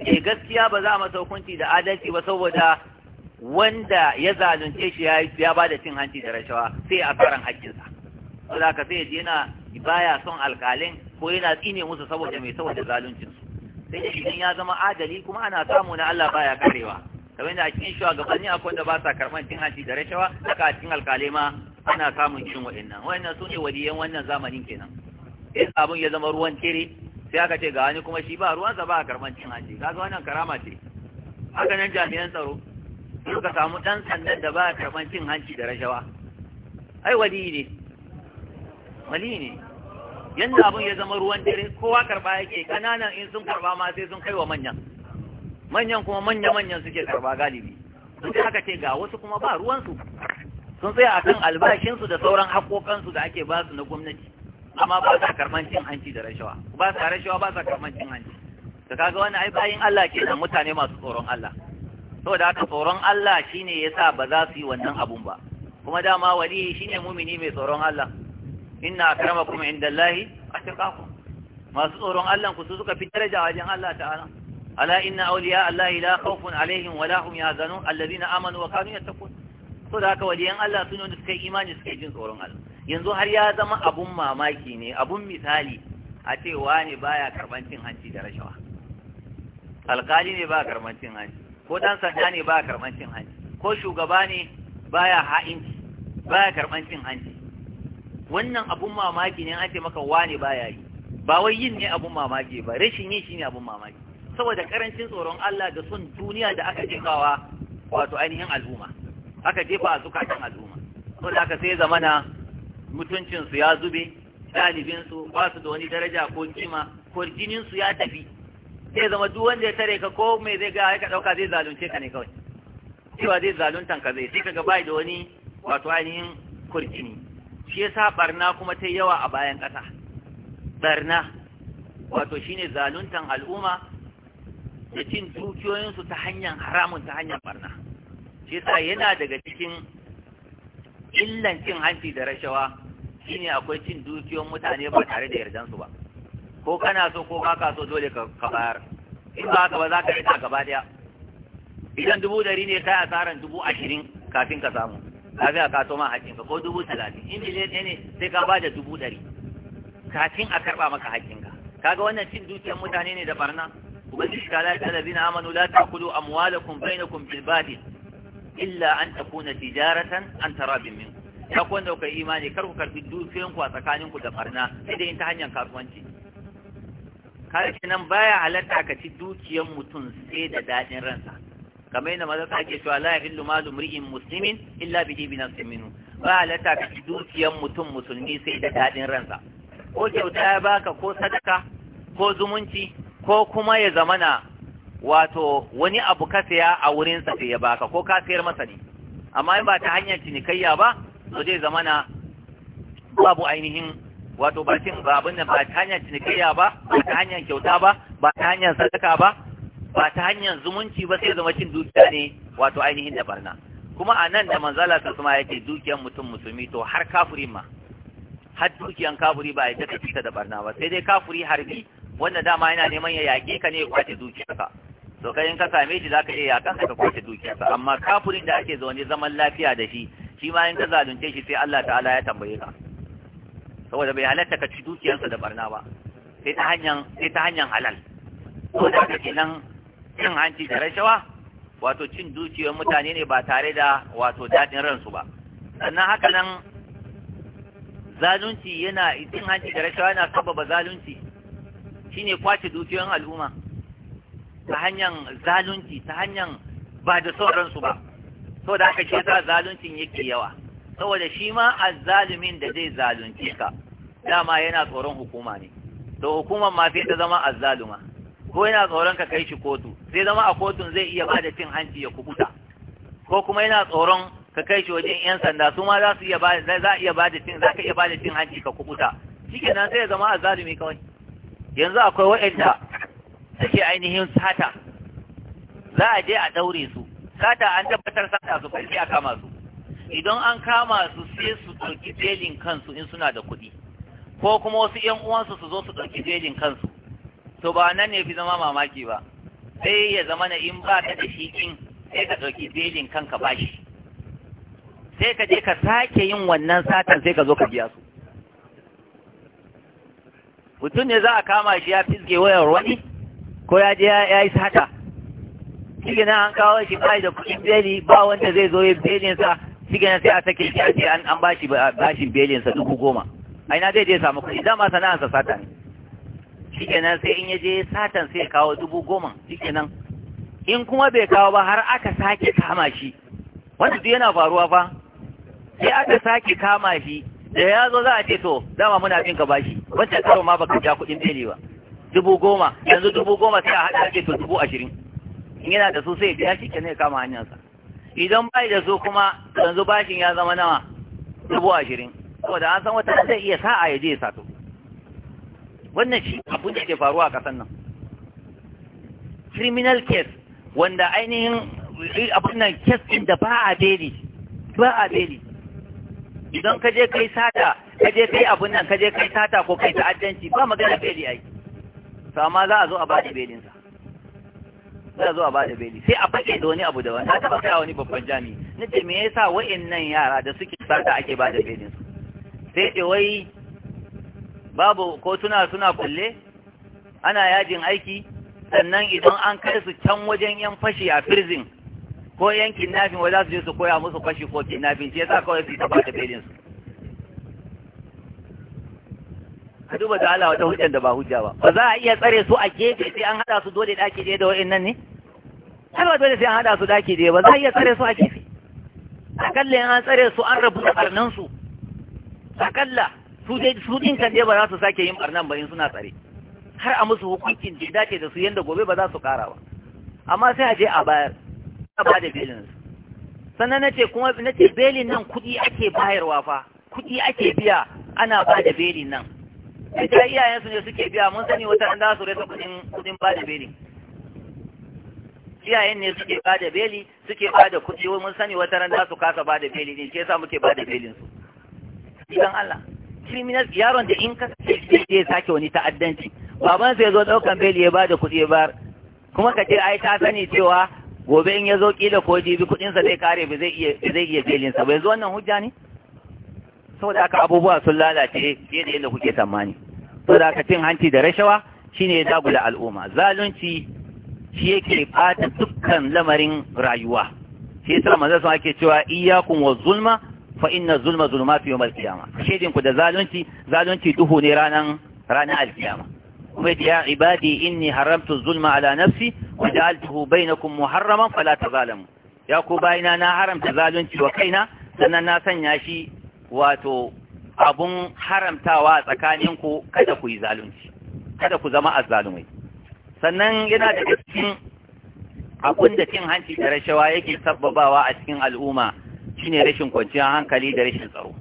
Ke eh, gaskiya ba za masa hukunci da adalci ba saboda wanda ya zalunce shi ya ba da cin hanci da rashawa sai a tsaron haƙƙinsa ko za ka sai ya je yana baya son alƙalin ko yana tsine musu saboda mai saboda zaluncinsu sai da idan ya zama adali kuma ana samu na Allah baya karewa kamar yadda a cikin shugabanni akwai wanda ba sa karɓar cin hanci da rashawa haka a cikin alƙalai ma ana samun cin waɗannan. wa'annan su ne waliyan wannan zamanin kenan in abun ya zama ruwan cire sai aka ce ga wani kuma shi ba ruwansa ba a karɓar cin hanci kaga wannan karama ce haka nan jami'an tsaro suka samu ɗan sandan da ba a karɓar cin hanci da rashawa ai wali ne wali ne yanda abun ya zama ruwan dare kowa karɓa yake ƙananan in sun karɓa ma sai sun kai wa manyan manyan kuma manya-manyan suke karɓa galibi sun sai aka ce ga wasu kuma ba ruwansu sun tsaya akan albashinsu da sauran haƙoƙansu da ake basu na gwamnati amma ba sa karban cin hanci da rashawa ba sa rashawa ba sa karban cin hanci to kaga wannan ai bayin Allah ke kenan mutane masu tsoron Allah saboda haka tsoron Allah shine sa ba za su yi wannan abun ba kuma dama wali shine mumini mai tsoron Allah inna akramakum indallahi atqakum masu tsoron Allah ku su suka fi daraja wajen Allah ta'ala ala inna awliya Allah la khawfun alaihim wa la hum yahzanun alladhina amanu wa kanu yattaqun so da haka wajen Allah sun yi wanda suka yi imani yi jin tsoron Allah yanzu har ya zama abun mamaki ne abun misali a ce wani baya karban cin hanci da rashawa alkali ne ba karban cin hanci ko dan sanda ne ba karban cin hanci ko shugaba ne baya ha'inci baya karban cin hanci wannan abun mamaki ne an ce maka wani baya yi ba wai yin ne abun mamaki ba rashin yin shine abun mamaki saboda karancin tsoron Allah da son duniya da aka jikawa wato ainihin al'umma aka jefa a zukatan al'umma wanda aka sai zamana mutuncinsu ya zube ɗalibinsu ba su da wani daraja ko kima ko jininsu ya tafi sai zama duk wanda ya tare ka ko me zai ga ka ɗauka zai zalunce ka ne kawai cewa zai zaluntan ka zai sai ka bai da wani wato ainihin kurjini shi yasa barna kuma ta yawa a bayan ƙasa barna wato shine zaluntan al'umma da cin dukiyoyinsu ta hanyar haramun ta hanyar barna shi sa yana daga cikin illan cin hanci da rashawa shine akwai cin dukiyoyin mutane ba tare da yardan su ba ko kana so ko ba ka so dole ka bayar in ba ka ba za ka yi gaba daya idan dubu dari ne kai asaran dubu ashirin kafin ka samu kafin a kaso ma haƙƙinka ko dubu talatin in miliyan ɗaya ne sai ka ba da dubu dari kafin a karɓa maka Ka kaga wannan cin dukiyar mutane ne da barna ubangiji ta lafiya da zina amanu la ta kulu amwalakum bainakum bil batil illa an takuna tijaratan an tarabin minku ya kwanda ku imani kar ku karbi dukiyanku a tsakaninku da barna sai dai ta hanyar kasuwanci kare nan baya halatta ka ci dukiyan mutum sai da dadin ransa kamar yadda maza ta ake cewa la yahillu malu mri'in muslimin illa bi dibi nafsin minhu ba halatta ka ci dukiyan mutum musulmi sai da dadin ransa ko kyauta ya baka ko sadaka ko zumunci ko kuma ya zamana wato wani abu ka saya a wurin sa ya baka ko ka sayar masa ne amma in ba ta hanyar cinikayya ba to zai zamana babu ainihin wato ba cin abin nan ba ta hanyar cinikayya ba ba ta hanyar kyauta ba ba ta hanyar sadaka ba ba ta hanyar zumunci ba sai zama cin dukiya ne wato ainihin da barna kuma a nan da manzala ta suma yake dukiyan mutum musulmi to har kafuri ma har dukiyan kafuri ba ya ta ta da barna ba sai dai kafuri harbi wanda dama yana neman ya yaƙe ka ne ya kwace dukiyarka to kai in ka same shi zaka iya yakan ka kwace dukiyarsa amma kafirin da ake zaune zaman lafiya da shi shi ma in ka zalunce shi sai Allah ta'ala ya tambaye ka saboda bai halatta ka ci dukiyarsa da barna ba sai ta hanyar sai ta hanyar halal to da kake nan cin hanci da rashawa wato cin dukiyar mutane ne ba tare da wato dadin ransu ba sannan haka nan zalunci yana cin hanci da rashawa yana sababa zalunci ne kwace dukiyoyin al'umma ta hanyar zalunci ta hanyar ba da sauransu ba da haka shi sa zaluncin yake yawa saboda shi ma zalumin da zai zalunci ka dama yana tsoron hukuma ne to hukumar ma sai ta zama azzaluma ko yana tsoron ka kai shi kotu sai zama a kotun zai iya bada cin hanci ya kubuta ko kuma yana tsoron ka kai shi wajen yan sanda su ma za su iya bada za iya bada cin za ka iya bada cin hanci ka kubuta shikenan sai ya zama azzalumi kawai yanzu akwai waɗanda suke ainihin sata za a je a daure su sata an tabbatar sata su kai a kama su idan an kama su sai su ɗauki belin kansu in suna da kuɗi ko kuma wasu 'yan uwansu su zo su ɗauki belin kansu to ba nan ne fi zama mamaki ba sai ya zama na in ba ka da shi in sai ka ɗauki belin kanka bashi sai ka je ka sake yin wannan satan sai ka zo ka biya su mutum ne za a kama shi ya fiske wayar wani ko ya je ya yi sata shi na an kawo shi bai da kuɗin beli ba wanda zai zo yin belinsa shi na sai a sake shi a ce an ba shi bashin belinsa dubu goma a ina zai je samu kuɗi dama sana'arsa sata ne shi kenan sai in ya je satan sai kawo dubu goma shi nan. in kuma bai kawo ba har aka sake kama shi wanda duk yana faruwa fa sai aka sake kama shi da ya zo za a ce to dama muna bin ka bashi wacce karo ma baka ja kuɗin beli ba dubu goma yanzu dubu goma sai a haɗa ake to dubu ashirin in yana da su sai ya shi ne ya kama hanyarsa idan bai da su kuma yanzu bashin ya zama nawa dubu ashirin saboda an san wata zai iya sa'a ya je ya sato wannan shi abun da ke faruwa a ƙasan nan criminal case wanda ainihin abin nan kes ɗin da ba a beli ba a beli idan ka je kai sata ka je kai abun nan ka je kai sata ko kai ta'addanci ba magana beli ai to amma za a zo a bada belin sa za a zo a bada beli sai a fake da wani abu da wani na taba wani babban jami na ce me yasa wa'annan yara da suke sata ake bada belin su sai ce wai babu ko tuna suna kulle ana yajin aiki sannan idan an kai su can wajen yan fashi a firzin ko yankin nafin wa za su je su koya musu kwashi ko nafin ce za kawai su yi taɓa da belinsu a duba da Allah wata hujjan da ba hujja ba ba za a iya tsare su a gefe sai an haɗa su dole ɗaki ɗaya da wa'in nan ne har ba dole sai an haɗa su ɗaki ɗaya ba za a iya tsare su a gefe akalla an tsare su an rabu da ɓarnansu akalla su dai su din kan dai ba za su sake yin ɓarnan ba in suna tsare har a musu hukuncin da dace da su yadda gobe ba za su ƙara ba amma sai a je a bayar ba da belin sannan ce kuma ce belin nan kuɗi ake bayarwa fa kuɗi ake biya ana ba da belin nan ita ta iyayensu ne suke biya mun sani wata an su rasa kuɗin kuɗin ba da belin iyayen ne suke ba da beli suke ba da kuɗi mun sani wata ran su kasa ba da beli ne ke sa muke ba da belin su idan Allah criminal yaron da in ka sai ya sake wani ta'addanci baban sai zo daukan beli ya ba da kuɗi ya bar kuma ka ce ai ta sani cewa gobe in ya zo kila ko jibi kuɗinsa zai kare ba zai iya belinsa ba zo wannan hujja ne saboda aka abubuwa sun lalace fiye da yadda kuke tsammani da aka cin hanci da rashawa shine ya dagula al'umma zalunci shi yake fata dukkan lamarin rayuwa shi yasa manzo sun ake cewa iyyakum wa zulma fa inna zulma zulma fi yawm al-qiyamah shedin ku da zalunci zalunci duhu ne ranan ranan al ومد يا عبادي إني حرمت الظلم على نفسي وجعلته بينكم محرما فلا تظالموا يا كوباينا نا حرمت ظالمتي وكينا sannan na sanya shi wato abun haramtawa tsakaninku kada ku yi zalunci kada ku zama azzalumai sannan yana daga cikin abun da cin hanci da rashawa yake sabbabawa a cikin al'umma shine rashin kwanciyar hankali da rashin tsaro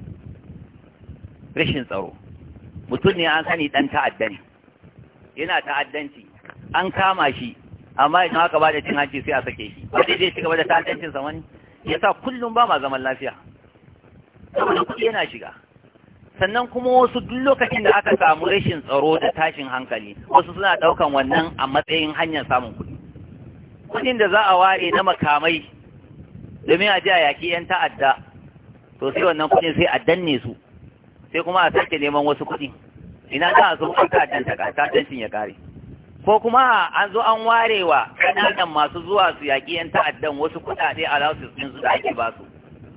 rashin tsaro mutum ne an sani dan ta'adda ne yana ta'addanci an kama shi amma idan aka ba da cin hanci sai a sake shi ba dai zai ci gaba da ta'addancin sa wani yasa kullum ba ma zaman lafiya saboda kuɗi yana shiga sannan kuma wasu duk lokacin da aka samu rashin tsaro da tashin hankali wasu suna ɗaukan wannan a matsayin hanyar samun kuɗi kuɗin da za a ware na makamai domin a ji a yaƙi 'yan ta'adda to sai wannan kuɗin sai a danne su sai kuma a sake neman wasu kuɗi ina za a zo an katin ta katancin ya kare ko kuma an zo an ware wa kananan masu zuwa su yaƙi yan ta'addan wasu kuɗaɗe allowances ɗin su da ake ba su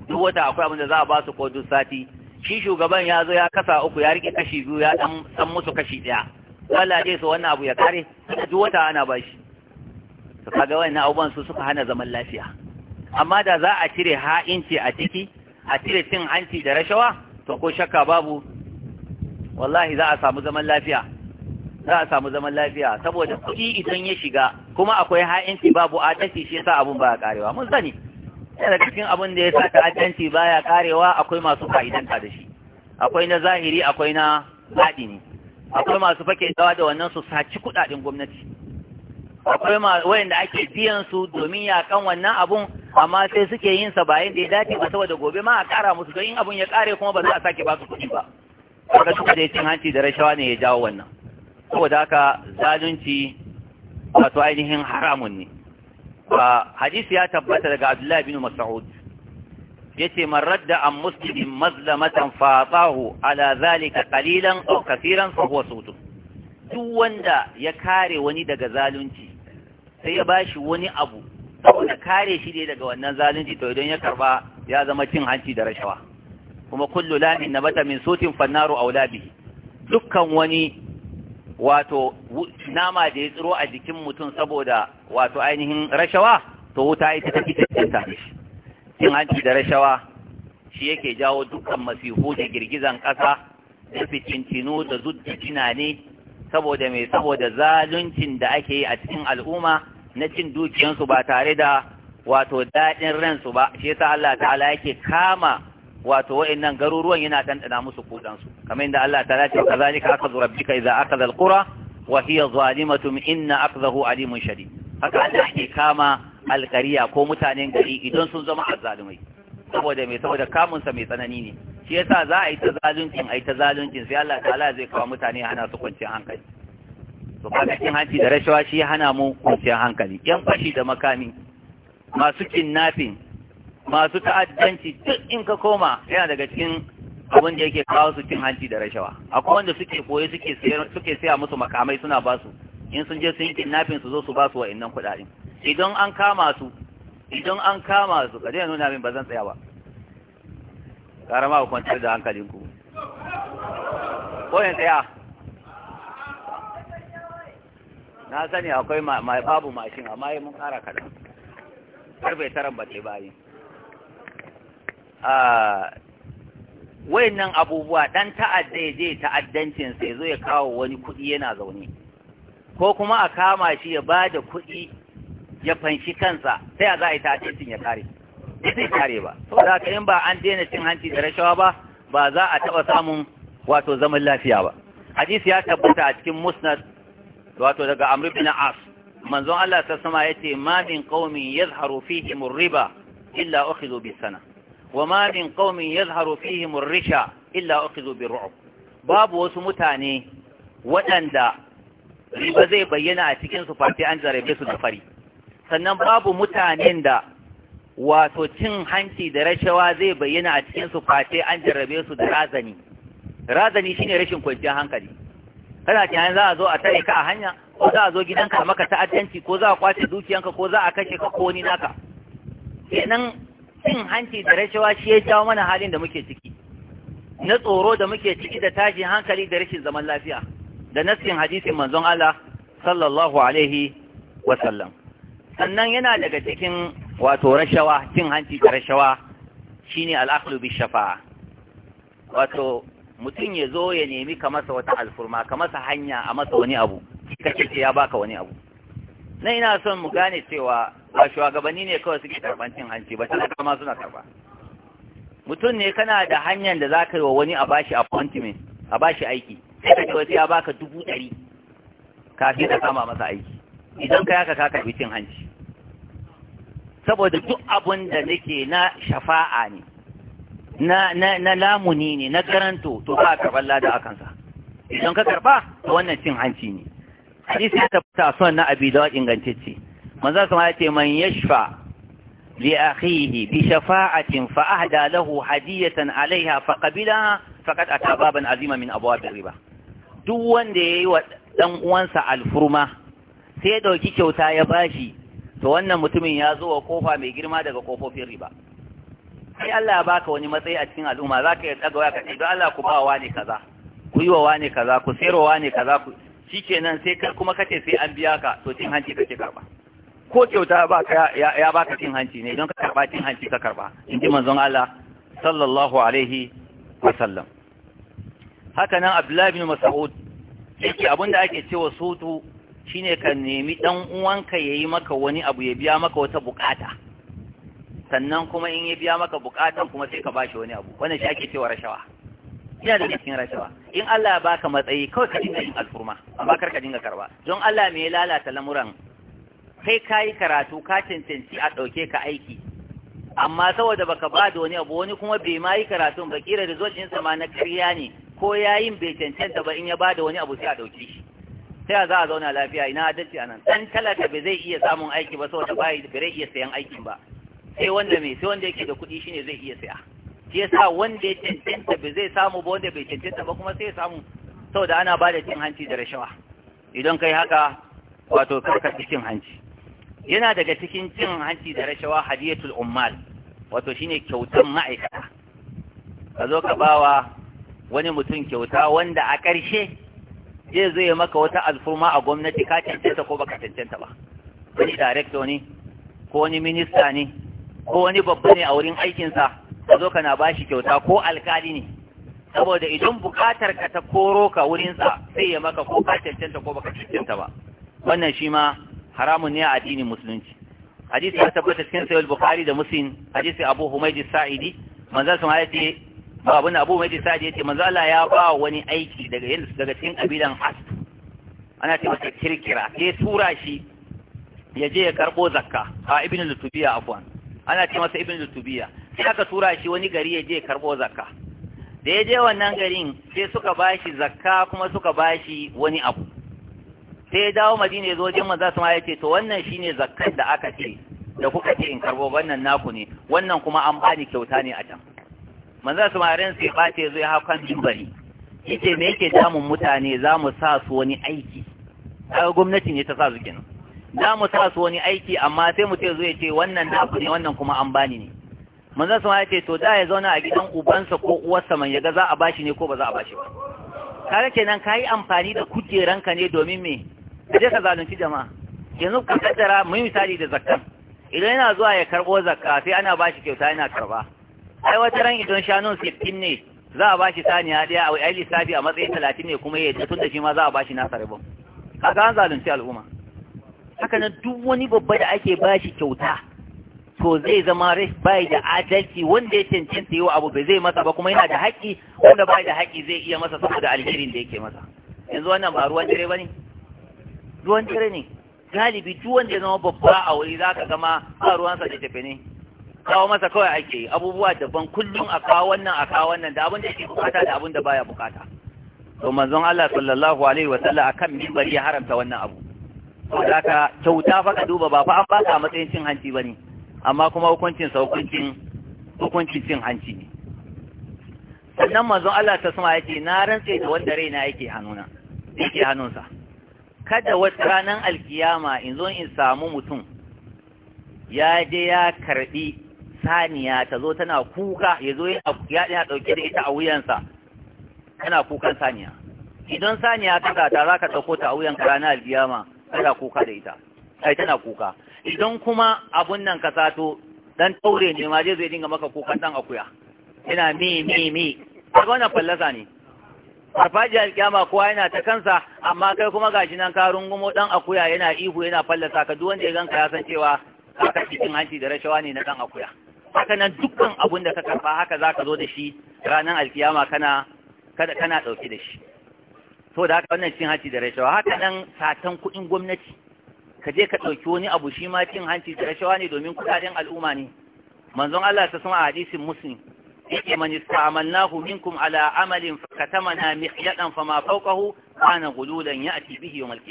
duk wata akwai abin da za a ba su ko duk sati shi shugaban ya zo ya kasa uku ya rike kashi biyu ya dan san musu kashi ɗaya Allah dai so wannan abu ya kare duk wata ana ba shi to kaga wannan abubuwan su suka hana zaman lafiya amma da za a cire ha'inci a ciki a cire cin hanci da rashawa to ko shakka babu wallahi za a samu zaman lafiya za a samu zaman lafiya saboda kuɗi idan ya shiga kuma akwai ha'inci babu adalci shi yasa abun baya karewa mun sani daga cikin abun da ya sa ta ta'addanci baya karewa akwai masu fa'idanta da shi akwai na zahiri akwai na ne. akwai masu fake dawa da wannan su saci kuɗaɗen gwamnati akwai wayanda ake biyan su domin ya kan wannan abun amma sai suke yin sa bayan da ya dace ba saboda gobe ma a kara musu don in abun ya kare kuma ba za a sake ba su kuɗi ba kaga suka dai cin hanci da rashawa ne ya jawo wannan saboda haka zalunci wato ainihin haramun ne hadisi ya tabbata daga Abdullahi bin Mas'ud yace man radda an muslimin mazlamatan fatahu ala zalika qalilan aw kaseeran fa huwa sutu duk wanda ya kare wani daga zalunci sai ya bashi wani abu saboda kare shi ne daga wannan zalunci to idan ya karba ya zama cin hanci da rashawa kuma kullu na bata min sutin fannaru aula bihi dukkan wani wato nama da ya tsiro a jikin mutum saboda wato ainihin rashawa to wuta ita take tantanta shi cin hanci da rashawa shi yake jawo dukkan masifu da girgizan kasa, da fitintinu da zudda tunani saboda mai saboda zaluncin da ake yi a cikin al'umma na cin dukiyansu ba tare da wato daɗin ransu ba shi yasa Allah ta'ala yake kama wato wa'annan garuruwan yana dandana musu kudan su kamar inda Allah ta lace kazalika akazu rabbika idza akaza alqura wa hiya zalimatun inna akzahu alimun shadid haka Allah ke kama alkariya ko mutanen gari idan sun zama azzalumai saboda me saboda kamun sa mai tsanani ne shi yasa za a yi ta zaluncin a yi ta zaluncin sai Allah ta'ala zai kawo mutane hana su kwanciyar hankali to kaga cin hanci da rashawa shi hana mu kwanciyar hankali yan fashi da makami masu kinnafin masu ta'addanci duk in ka koma yana daga cikin abin da yake kawo su cin hanci da rashawa akwai wanda suke koye suke suke saya musu makamai suna ba su in sun je sun yi kidnapping su zo su ba su wa'annan kuɗaɗen idan an kama su idan an kama su ka daina nuna min ba zan tsaya ba karama ku kwantar da hankalinku ko yin tsaya na sani akwai babu mashin amma yi mun kara kaɗan karfe taran bace bayi nan abubuwa dan ta'adda ya je ta'addancin sai zo ya kawo wani kuɗi yana zaune ko kuma a kama shi ya bada da kuɗi ya fanshi kansa sai a za a yi ta'addancin ya kare ya zai kare ba da ka in ba an daina cin hanci da rashawa ba ba za a taɓa samun wato zaman lafiya ba hadisi ya tabbata a cikin musnad wato daga amru bin as manzon Allah ta sama yace ma min qaumin yazharu fihi murriba illa ukhidhu bisana yadhharu fihim ar Risha illa الرشا bir-ru'b Babu wasu mutane wadanda riba zai bayyana a cikin su fati an zarabe su da fari sannan babu mutanen da wato cin hanci da rashawa zai bayyana a cikin su fati an jarabe su da razani razani shine rashin kwanciyar hankali kana tunanin za a zo a tare ka a hanya ko za a zo gidanka maka ta'addanci ko za a kwace dukiyanka ko za a kashe ka ko ni naka kenan cin hanci da rashawa shi ya jawo mana halin da muke ciki na tsoro da muke ciki da tashin hankali da rashin zaman lafiya da naskin hadisin manzon Allah sallallahu alaihi sallam sannan yana daga cikin wato rashawa cin hanci da rashawa shine al'aqlu bi shafa'a wato mutum ya zo ya nemi ka masa wata alfurma ka masa hanya a masa wani abu kace ya baka wani abu na ina son mu gane cewa ba shugabanni ne kawai suke karban cin hanci ba talaka kama suna karba mutum ne kana da hanyar da za ka yi wa wani a bashi appointment a bashi aiki sai ka kawai ya baka dubu ɗari kafin ka kama masa aiki idan ka yaka ka karbi cin hanci saboda duk abun da nake na shafa'a ne na na na lamuni ne na garanto to ba karban lada akan sa idan ka karba to wannan cin hanci ne hadisi ya tabbata son na abi da ingantacce manzo kuma yace man yashfa li akhihi bi shafa'atin fa ahda lahu hadiyatan alaiha fa qabila faqad ata baban azima min abwab riba duk wanda yayi wa dan uwansa alfurma sai ya dauki kyauta ya bashi to wannan mutumin ya zo wa kofa mai girma daga kofofin riba sai Allah ya baka wani matsayi a cikin al'umma zaka ya daga waya ka don Allah ku ba wa ne kaza ku yi wa wani kaza ku sayarwa ne kaza ku shikenan sai kuma kace sai an biya ka to cin hanci kake karba ko kyauta ba ka ya baka cin hanci ne idan ka karba cin hanci ka karba in ji manzon Allah sallallahu alaihi wa sallam haka nan Abdullahi bin Mas'ud yake abinda ake cewa sutu shine ka nemi dan uwanka yayi maka wani abu ya biya maka wata bukata sannan kuma in ya biya maka bukatan kuma sai ka bashi wani abu wannan shi ake cewa rashawa ina da cikin rashawa in Allah ya baka matsayi kawai ka dinga yin alfurma amma kar ka dinga karba don Allah me ya lalata lamuran kai ka yi karatu ka cancanci a ɗauke ka aiki amma saboda baka ba da wani abu wani kuma bai ma yi karatu ba kira result ɗinsa ma na ƙarya ne ko yayin bai cancanta ba in ya ba da wani abu sai a ɗauki shi sai za a zauna lafiya ina adalci anan dan talaka bai zai iya samun aiki ba saboda bai bai iya sayan aikin ba sai wanda mai sai wanda yake da kuɗi shine zai iya saya shi yasa wanda ya cancanta bai zai samu ba wanda bai cancanta ba kuma sai ya samu saboda ana ba da cin hanci da rashawa idan kai haka wato karka cin hanci yana daga cikin cin hanci da rashawa hadiyatul ummal wato shine kyautan ma'aikata ka zo ka bawa wani mutum kyauta wanda a ƙarshe zai zo ya maka wata alfurma a gwamnati ka cancanta ko baka cancanta ba wani director ne ko wani minista ne ko wani babba ne a wurin aikinsa ka zo kana bashi kyauta ko alkali ne saboda idan bukatar ka ta koro ka wurinsa sai ya maka ko ka cancanta ko baka cancanta ba wannan shi ma haramun ne a addinin musulunci hadisi ya tabbata cikin al bukhari da muslim hadisi abu humaydi sa'idi manzo sun hayati ba abun abu humaydi sa'idi yace manzo Allah ya ba wani aiki daga yanda daga cikin kabilan as ana ce masa kirkira ke tura shi ya je ya karbo zakka a ibn lutubiya afwan ana ce masa ibn lutubiya sai aka tura shi wani gari ya je ya karbo zakka da ya je wannan garin sai suka bashi zakka kuma suka bashi wani abu sai ya dawo madina ya zo wajen manzo sama ya ce to wannan shine zakkar da aka ce da kuka ce in karbo wannan naku ne wannan kuma an bani kyauta ne a can manzo sama ran sai bace zo ya hakan jibari yace me yake damun mutane za mu sa su wani aiki kaga gwamnati ne ta sa su kenan za mu sa su wani aiki amma sai mu ce zo ya ce wannan naku ne wannan kuma an bani ne manzo sama ya ce to da ya zauna a gidan ubansa ko uwarsa man yaga za a bashi ne ko ba za a bashi ba kare kenan yi amfani da kujeranka ne domin me je ka zalunci jama'a yanzu ka kaddara mu misali da zakkan idan yana zuwa ya karbo zakka sai ana ba kyauta yana karba ai wata ran idan shanun sittin ne za a ba saniya daya a wai lissafi a matsayin talatin ne kuma ya tun da shi ma za a ba shi nasa rabon haka an zalunci al'umma haka nan duk wani babba da ake ba shi kyauta to zai zama bai da adalci wanda ya cancanta yi wa abu bai zai masa ba kuma yana da haƙƙi wanda bai da haƙƙi zai iya masa saboda alherin da yake masa yanzu wannan ba ruwan dare ba ne ruwan dare ne galibi duk wanda ya zama babba a wuri za ka gama ba ruwansa da tafi ne kawo masa kawai ake yi abubuwa daban kullum a kawo wannan a kawo wannan da abin da yake bukata da abin da baya bukata to manzon Allah sallallahu alaihi wa sallam akan minbari ya haramta wannan abu da ka kyauta fa ka duba ba fa an baka ka matsayin cin hanci bane amma kuma hukuncin sa hukuncin hukuncin cin hanci ne sannan manzon Allah ta sama yake na rantse da wanda raina yake hanuna yake hannunsa kada wata ranar alkiyama in zo in samu mutum ya je ya karbi saniya ta zo tana kuka ya zo ya ɗaya ɗauke da ita a wuyansa tana kukan saniya idan saniya ta zata za ka ɗauko ta a wuyanka ranar alkiyama tana kuka da ita ai tana kuka idan kuma abun nan ka sato dan taure ne ma zai dinga maka kukan dan akuya yana mi mi mi kaga wannan fallasa ne farfajiyar kiyama kowa yana ta kansa amma kai kuma gashi nan ka rungumo dan akuya yana ihu yana fallasa ka duk wanda ya ganka ya san cewa haka cikin hanci da rashawa ne na dan akuya haka nan dukkan abun da ka karba haka zaka zo da shi ranar alkiyama kana kada kana dauke da shi to da haka wannan cin hanci da rashawa haka nan satan kuɗin gwamnati ka je ka dauki wani abu shi ma cin hanci da rashawa ne domin kuɗaɗen al'umma ne manzon Allah ta sama a hadisin muslim yake man istamannahu minkum ala amalin fakatamana mihyadan fama fawqahu kana gululan ya'ti bihi yawm al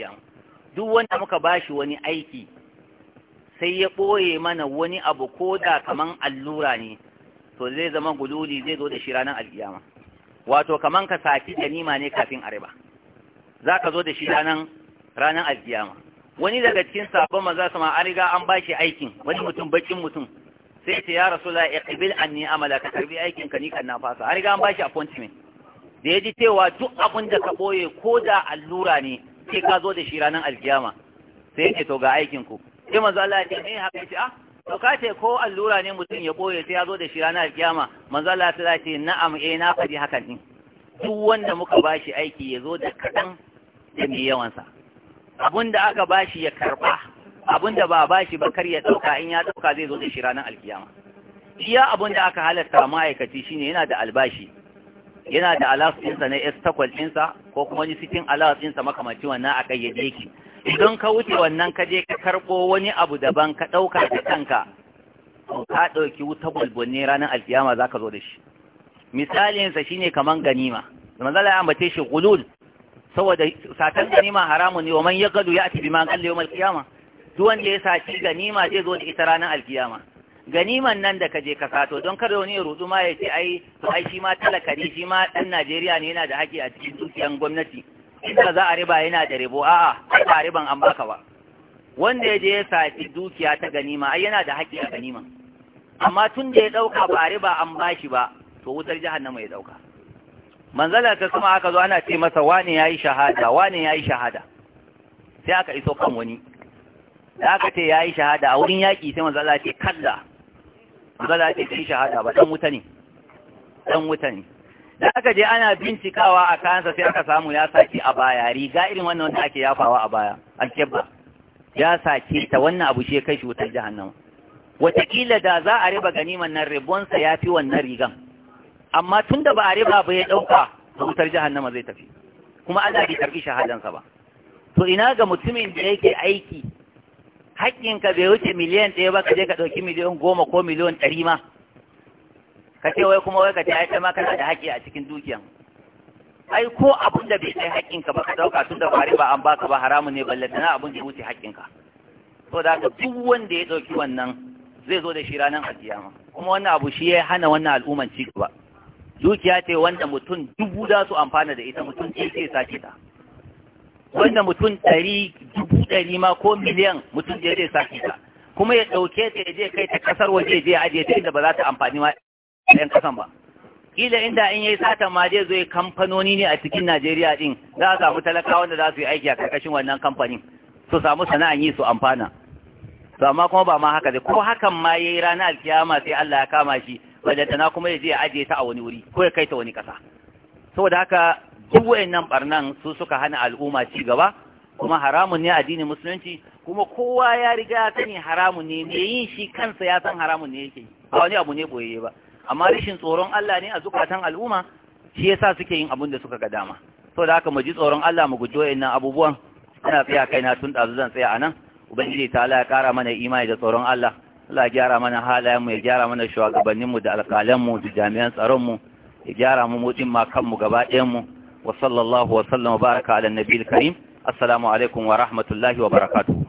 duk wanda muka bashi wani aiki sai ya ɓoye mana wani abu ko da kaman allura ne to zai zama gululi zai zo da shi ranar alkiyama wato kaman ka saki ganima ne kafin arba za ka zo da shi ranar ranar alkiyama wani daga cikin sabon maza sama an riga an bashi aikin wani mutum bakin mutum sai ta ya rasula ya ƙabil an ni amala ka karbi aikin ka ni kan na fasa har ga an bashi appointment da ya ji cewa duk abin da ka ɓoye ko da allura ne sai ka zo da shi ranar alkiyama sai ce to ga aikin ku sai manzo Allah ya ce me haka ce ah to ka ce ko allura ne mutum ya ɓoye sai ya zo da shi ranar alkiyama manzo Allah ya ce na'am eh na faɗi hakan din duk wanda muka bashi aiki ya zo da kaɗan da mai yawansa abin da aka bashi ya karɓa abin da ba ba shi ba kar ya ɗauka in ya dauka zai zo da shi ranar alkiyama iya abin da aka halatta ma'aikaci shine yana da albashi yana da alas ɗinsa na estakwal ɗinsa ko kuma wani sitin alas ɗinsa makamancin wannan a kayyade yake idan ka wuce wannan ka je ka karɓo wani abu daban ka ɗauka da kanka ka ɗauki wuta bulbulne ranar alkiyama za ka zo da shi misalinsa shine kaman ganima manzala ya ambace shi gulul saboda satan ganima haramun ne wa man ya gado ya ati bi man kalle yawmal duwan wanda ya saci ganima zai zo da ita ranar alkiyama ganiman nan da kaje ka sato don kada wani rudu ma ya ce ai to ai shi ma talaka ne shi ma dan Najeriya ne yana da haƙƙi a cikin dukiyan gwamnati inda za a riba yana da ribo a'a ai ba riban an baka ba wanda ya je ya saci dukiya ta ganima ai yana da haƙƙi a ganima amma tun da ya dauka ba riba an bashi ba to wutar jahannama ya dauka manzala ta kuma aka zo ana ce masa wane yayi shahada wane yayi shahada sai aka iso kan wani da aka ce ya yi shahada a wurin yaƙi sai manzo ce kalla manzo ce ce shahada ba ɗan wuta ne Ɗan wuta ne da aka je ana bincikawa a kansa sai aka samu ya sake a baya riga irin wannan wanda ake yafawa a baya alkebba ya sake ta wannan abu shi kai shi wutar jahannama wataƙila da za a riba ganiman nan ribonsa ya fi wannan rigan amma tun da ba a riba ba ya ɗauka wutar jahannama zai tafi kuma ana bai karɓi shahadansa ba to ina ga mutumin da yake aiki haƙƙinka bai wuce miliyan ɗaya ba ka je ka ɗauki miliyan goma ko miliyan ɗari ma ka ce wai kuma wai ka ce ai kai ma kana da haƙƙi a cikin dukiyan ai ko abin da bai kai haƙƙinka ba ka ɗauka tun da fari ba an baka ba haramun ne balle tana abin da ya wuce haƙƙinka to da haka duk wanda ya ɗauki wannan zai zo da shi ranar alƙiyama kuma wannan abu shi ya hana wannan al'umman ci gaba dukiya ce wanda mutum dubu za su amfana da ita mutum ce ce sace ta wanda mutum ɗari dubu ɗari ma ko miliyan mutum da zai sake ta kuma ya ɗauke ta ya je kai ta kasar waje je ajiye ta inda ba za ta amfani ma ɗan kasan ba kila inda in yi satan ma zai zo ya kamfanoni ne a cikin Najeriya din za a samu talakawa wanda za su yi aiki a ƙarƙashin wannan kamfanin su samu sana'an yi su amfana to amma kuma ba ma haka dai ko hakan ma yayi ranar alkiyama sai Allah ya kama shi wadda tana kuma ya je ya ajiye ta a wani wuri ko ya kai ta wani ƙasa. saboda haka duk wayannan barnan su suka hana al'umma ci gaba kuma haramun ne addinin musulunci kuma kowa ya riga ya sani haramun ne me yin shi kansa ya san haramun ne yake ba wani abu ne boyayye ba amma rashin tsoron Allah ne a zukatan al'umma shi yasa suke yin abun da suka ga dama saboda haka mu ji tsoron Allah mu guji wayannan abubuwan ina tsaya na tun ɗazu zan tsaya anan nan ubangiji ta Allah ya kara mana imani da tsoron Allah Allah ya gyara mana halayenmu ya gyara mana shugabannin mu da mu da jami'an tsaron tsaronmu ya gyara mu mutum ma kanmu gaba mu wa sallallahu wa sallam baraka ala karim assalamu alaikum wa rahmatullahi wa barakatuhu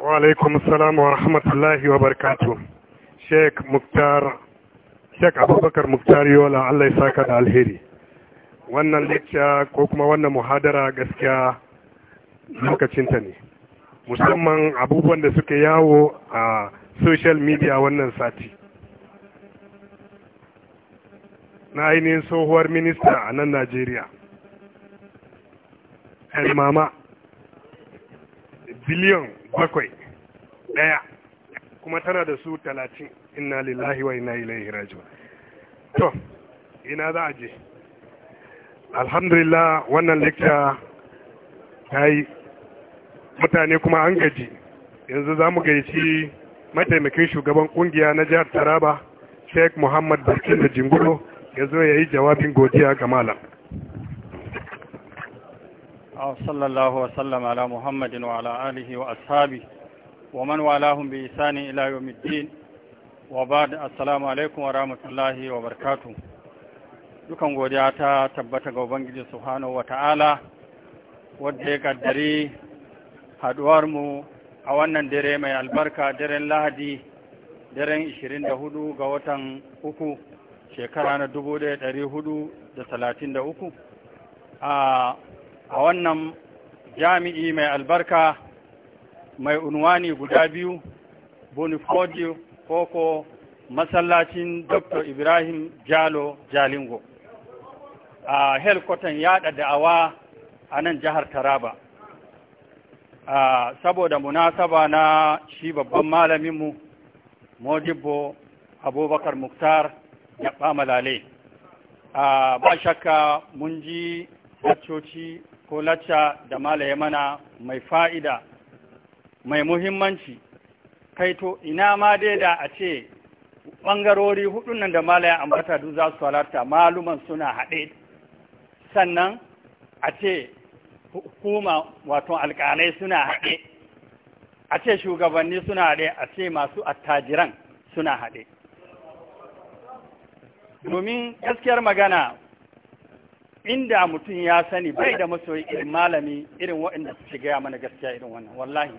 wa alaikum assalamu wa rahmatullahi wa barakatuhu sheikh muktar sheikh abubakar muktar yola allah ya saka da alheri wannan lecture ko kuma wannan muhadara gaskiya lokacin ne musamman abubuwan da suke yawo a social media wannan sati na ainihin tsohuwar minista a nan najeriya yan mama biliyon bakwai ɗaya kuma tana da su talatin inna lillahi wa inna ilaihi raji'un to ina za a je alhamdulillah wannan lecture ta yi mutane kuma an gaji yanzu za mu gaici mataimakin shugaban kungiya na jihar taraba sheikh muhammad barkin da Jingulo. ya zo ya yi jawabin godiya ga malam a sallallahu sallama ala muhammadin wa ala alihi wa ashabi wa man walahum bi isani ila yawmiddin wa da assalamu alaikum wa rahmatullahi wa barkatu dukan godiya ta tabbata ga ubangiji subhanahu wa ta'ala wadda ya kaddari haduwar mu a wannan dare mai albarka daren lahadi daren 24 ga watan uku shekara na da da talatin uku a wannan jami'i mai albarka mai unwani guda biyu bonifodio koko masallacin dr ibrahim jalo jalingo a helkotan yada da'awa a nan jihar taraba saboda munasaba na shi babban malaminmu mojibbo abubakar muktar ya ɓamalale ba shakka mun ji laccoci ko lacca da malaye mana mai fa'ida mai muhimmanci kai to ina ma dai da a ce ɓangarori hudun nan da malaye ambata duk za su halarta maluman suna haɗe sannan a ce hukuma wato alƙalai suna haɗe a ce shugabanni suna haɗe a ce masu attajiran suna haɗe domin gaskiyar magana inda mutum ya sani bai da masoyi irin malami irin waɗanda suke gaya mana gaskiya irin wannan wallahi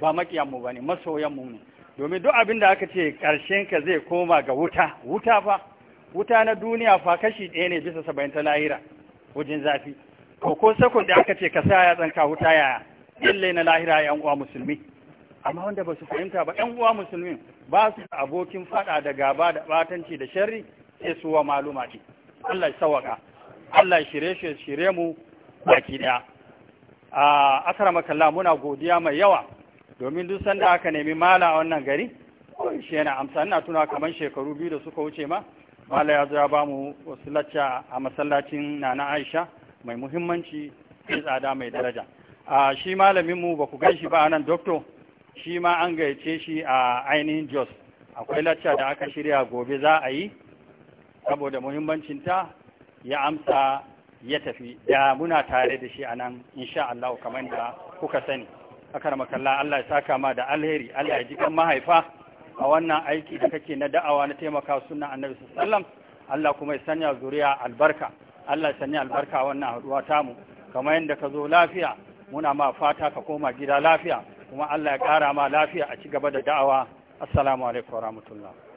ba makiyanmu ba ne masoyanmu ne domin duk abin da aka ce ƙarshen ka zai koma ga wuta wuta fa wuta na duniya fa kashi ɗaya ne bisa saba'in ta lahira wajen zafi ko ko sakon da aka ce ka sa ya tsanka wuta yaya ille na lahira yan uwa musulmi amma wanda ba su fahimta ba yan uwa musulmi ba su abokin faɗa da gaba da batanci da sharri maluma ce, Allah ya sawaka Allah ya shi shirye mu baki daya a kalla muna godiya mai yawa domin duk sanda aka nemi mala a wannan gari shi yana amsa ina tuna kamar shekaru biyu da suka wuce ma mala ya zo ya bamu wasu lacca a masallacin nana aisha mai muhimmanci mai tsada mai daraja a shi malaminmu ba ku gan shi ba nan doktor shi ma an gayyace shi a ainihin jos akwai lacca da aka shirya gobe za a yi saboda muhimmancin ta ya amsa ya tafi da muna tare da shi a nan insha Allah kamar da kuka sani akar makalla Allah ya saka ma da alheri Allah ya ji kan mahaifa a wannan aiki da kake na da'awa na taimaka sunna annabi sallam Allah kuma ya sanya zuriya albarka Allah ya sanya albarka a wannan haduwa mu kamar yadda ka zo lafiya muna ma fata ka koma gida lafiya kuma Allah ya kara ma lafiya a ci gaba da da'awa assalamu alaikum warahmatullahi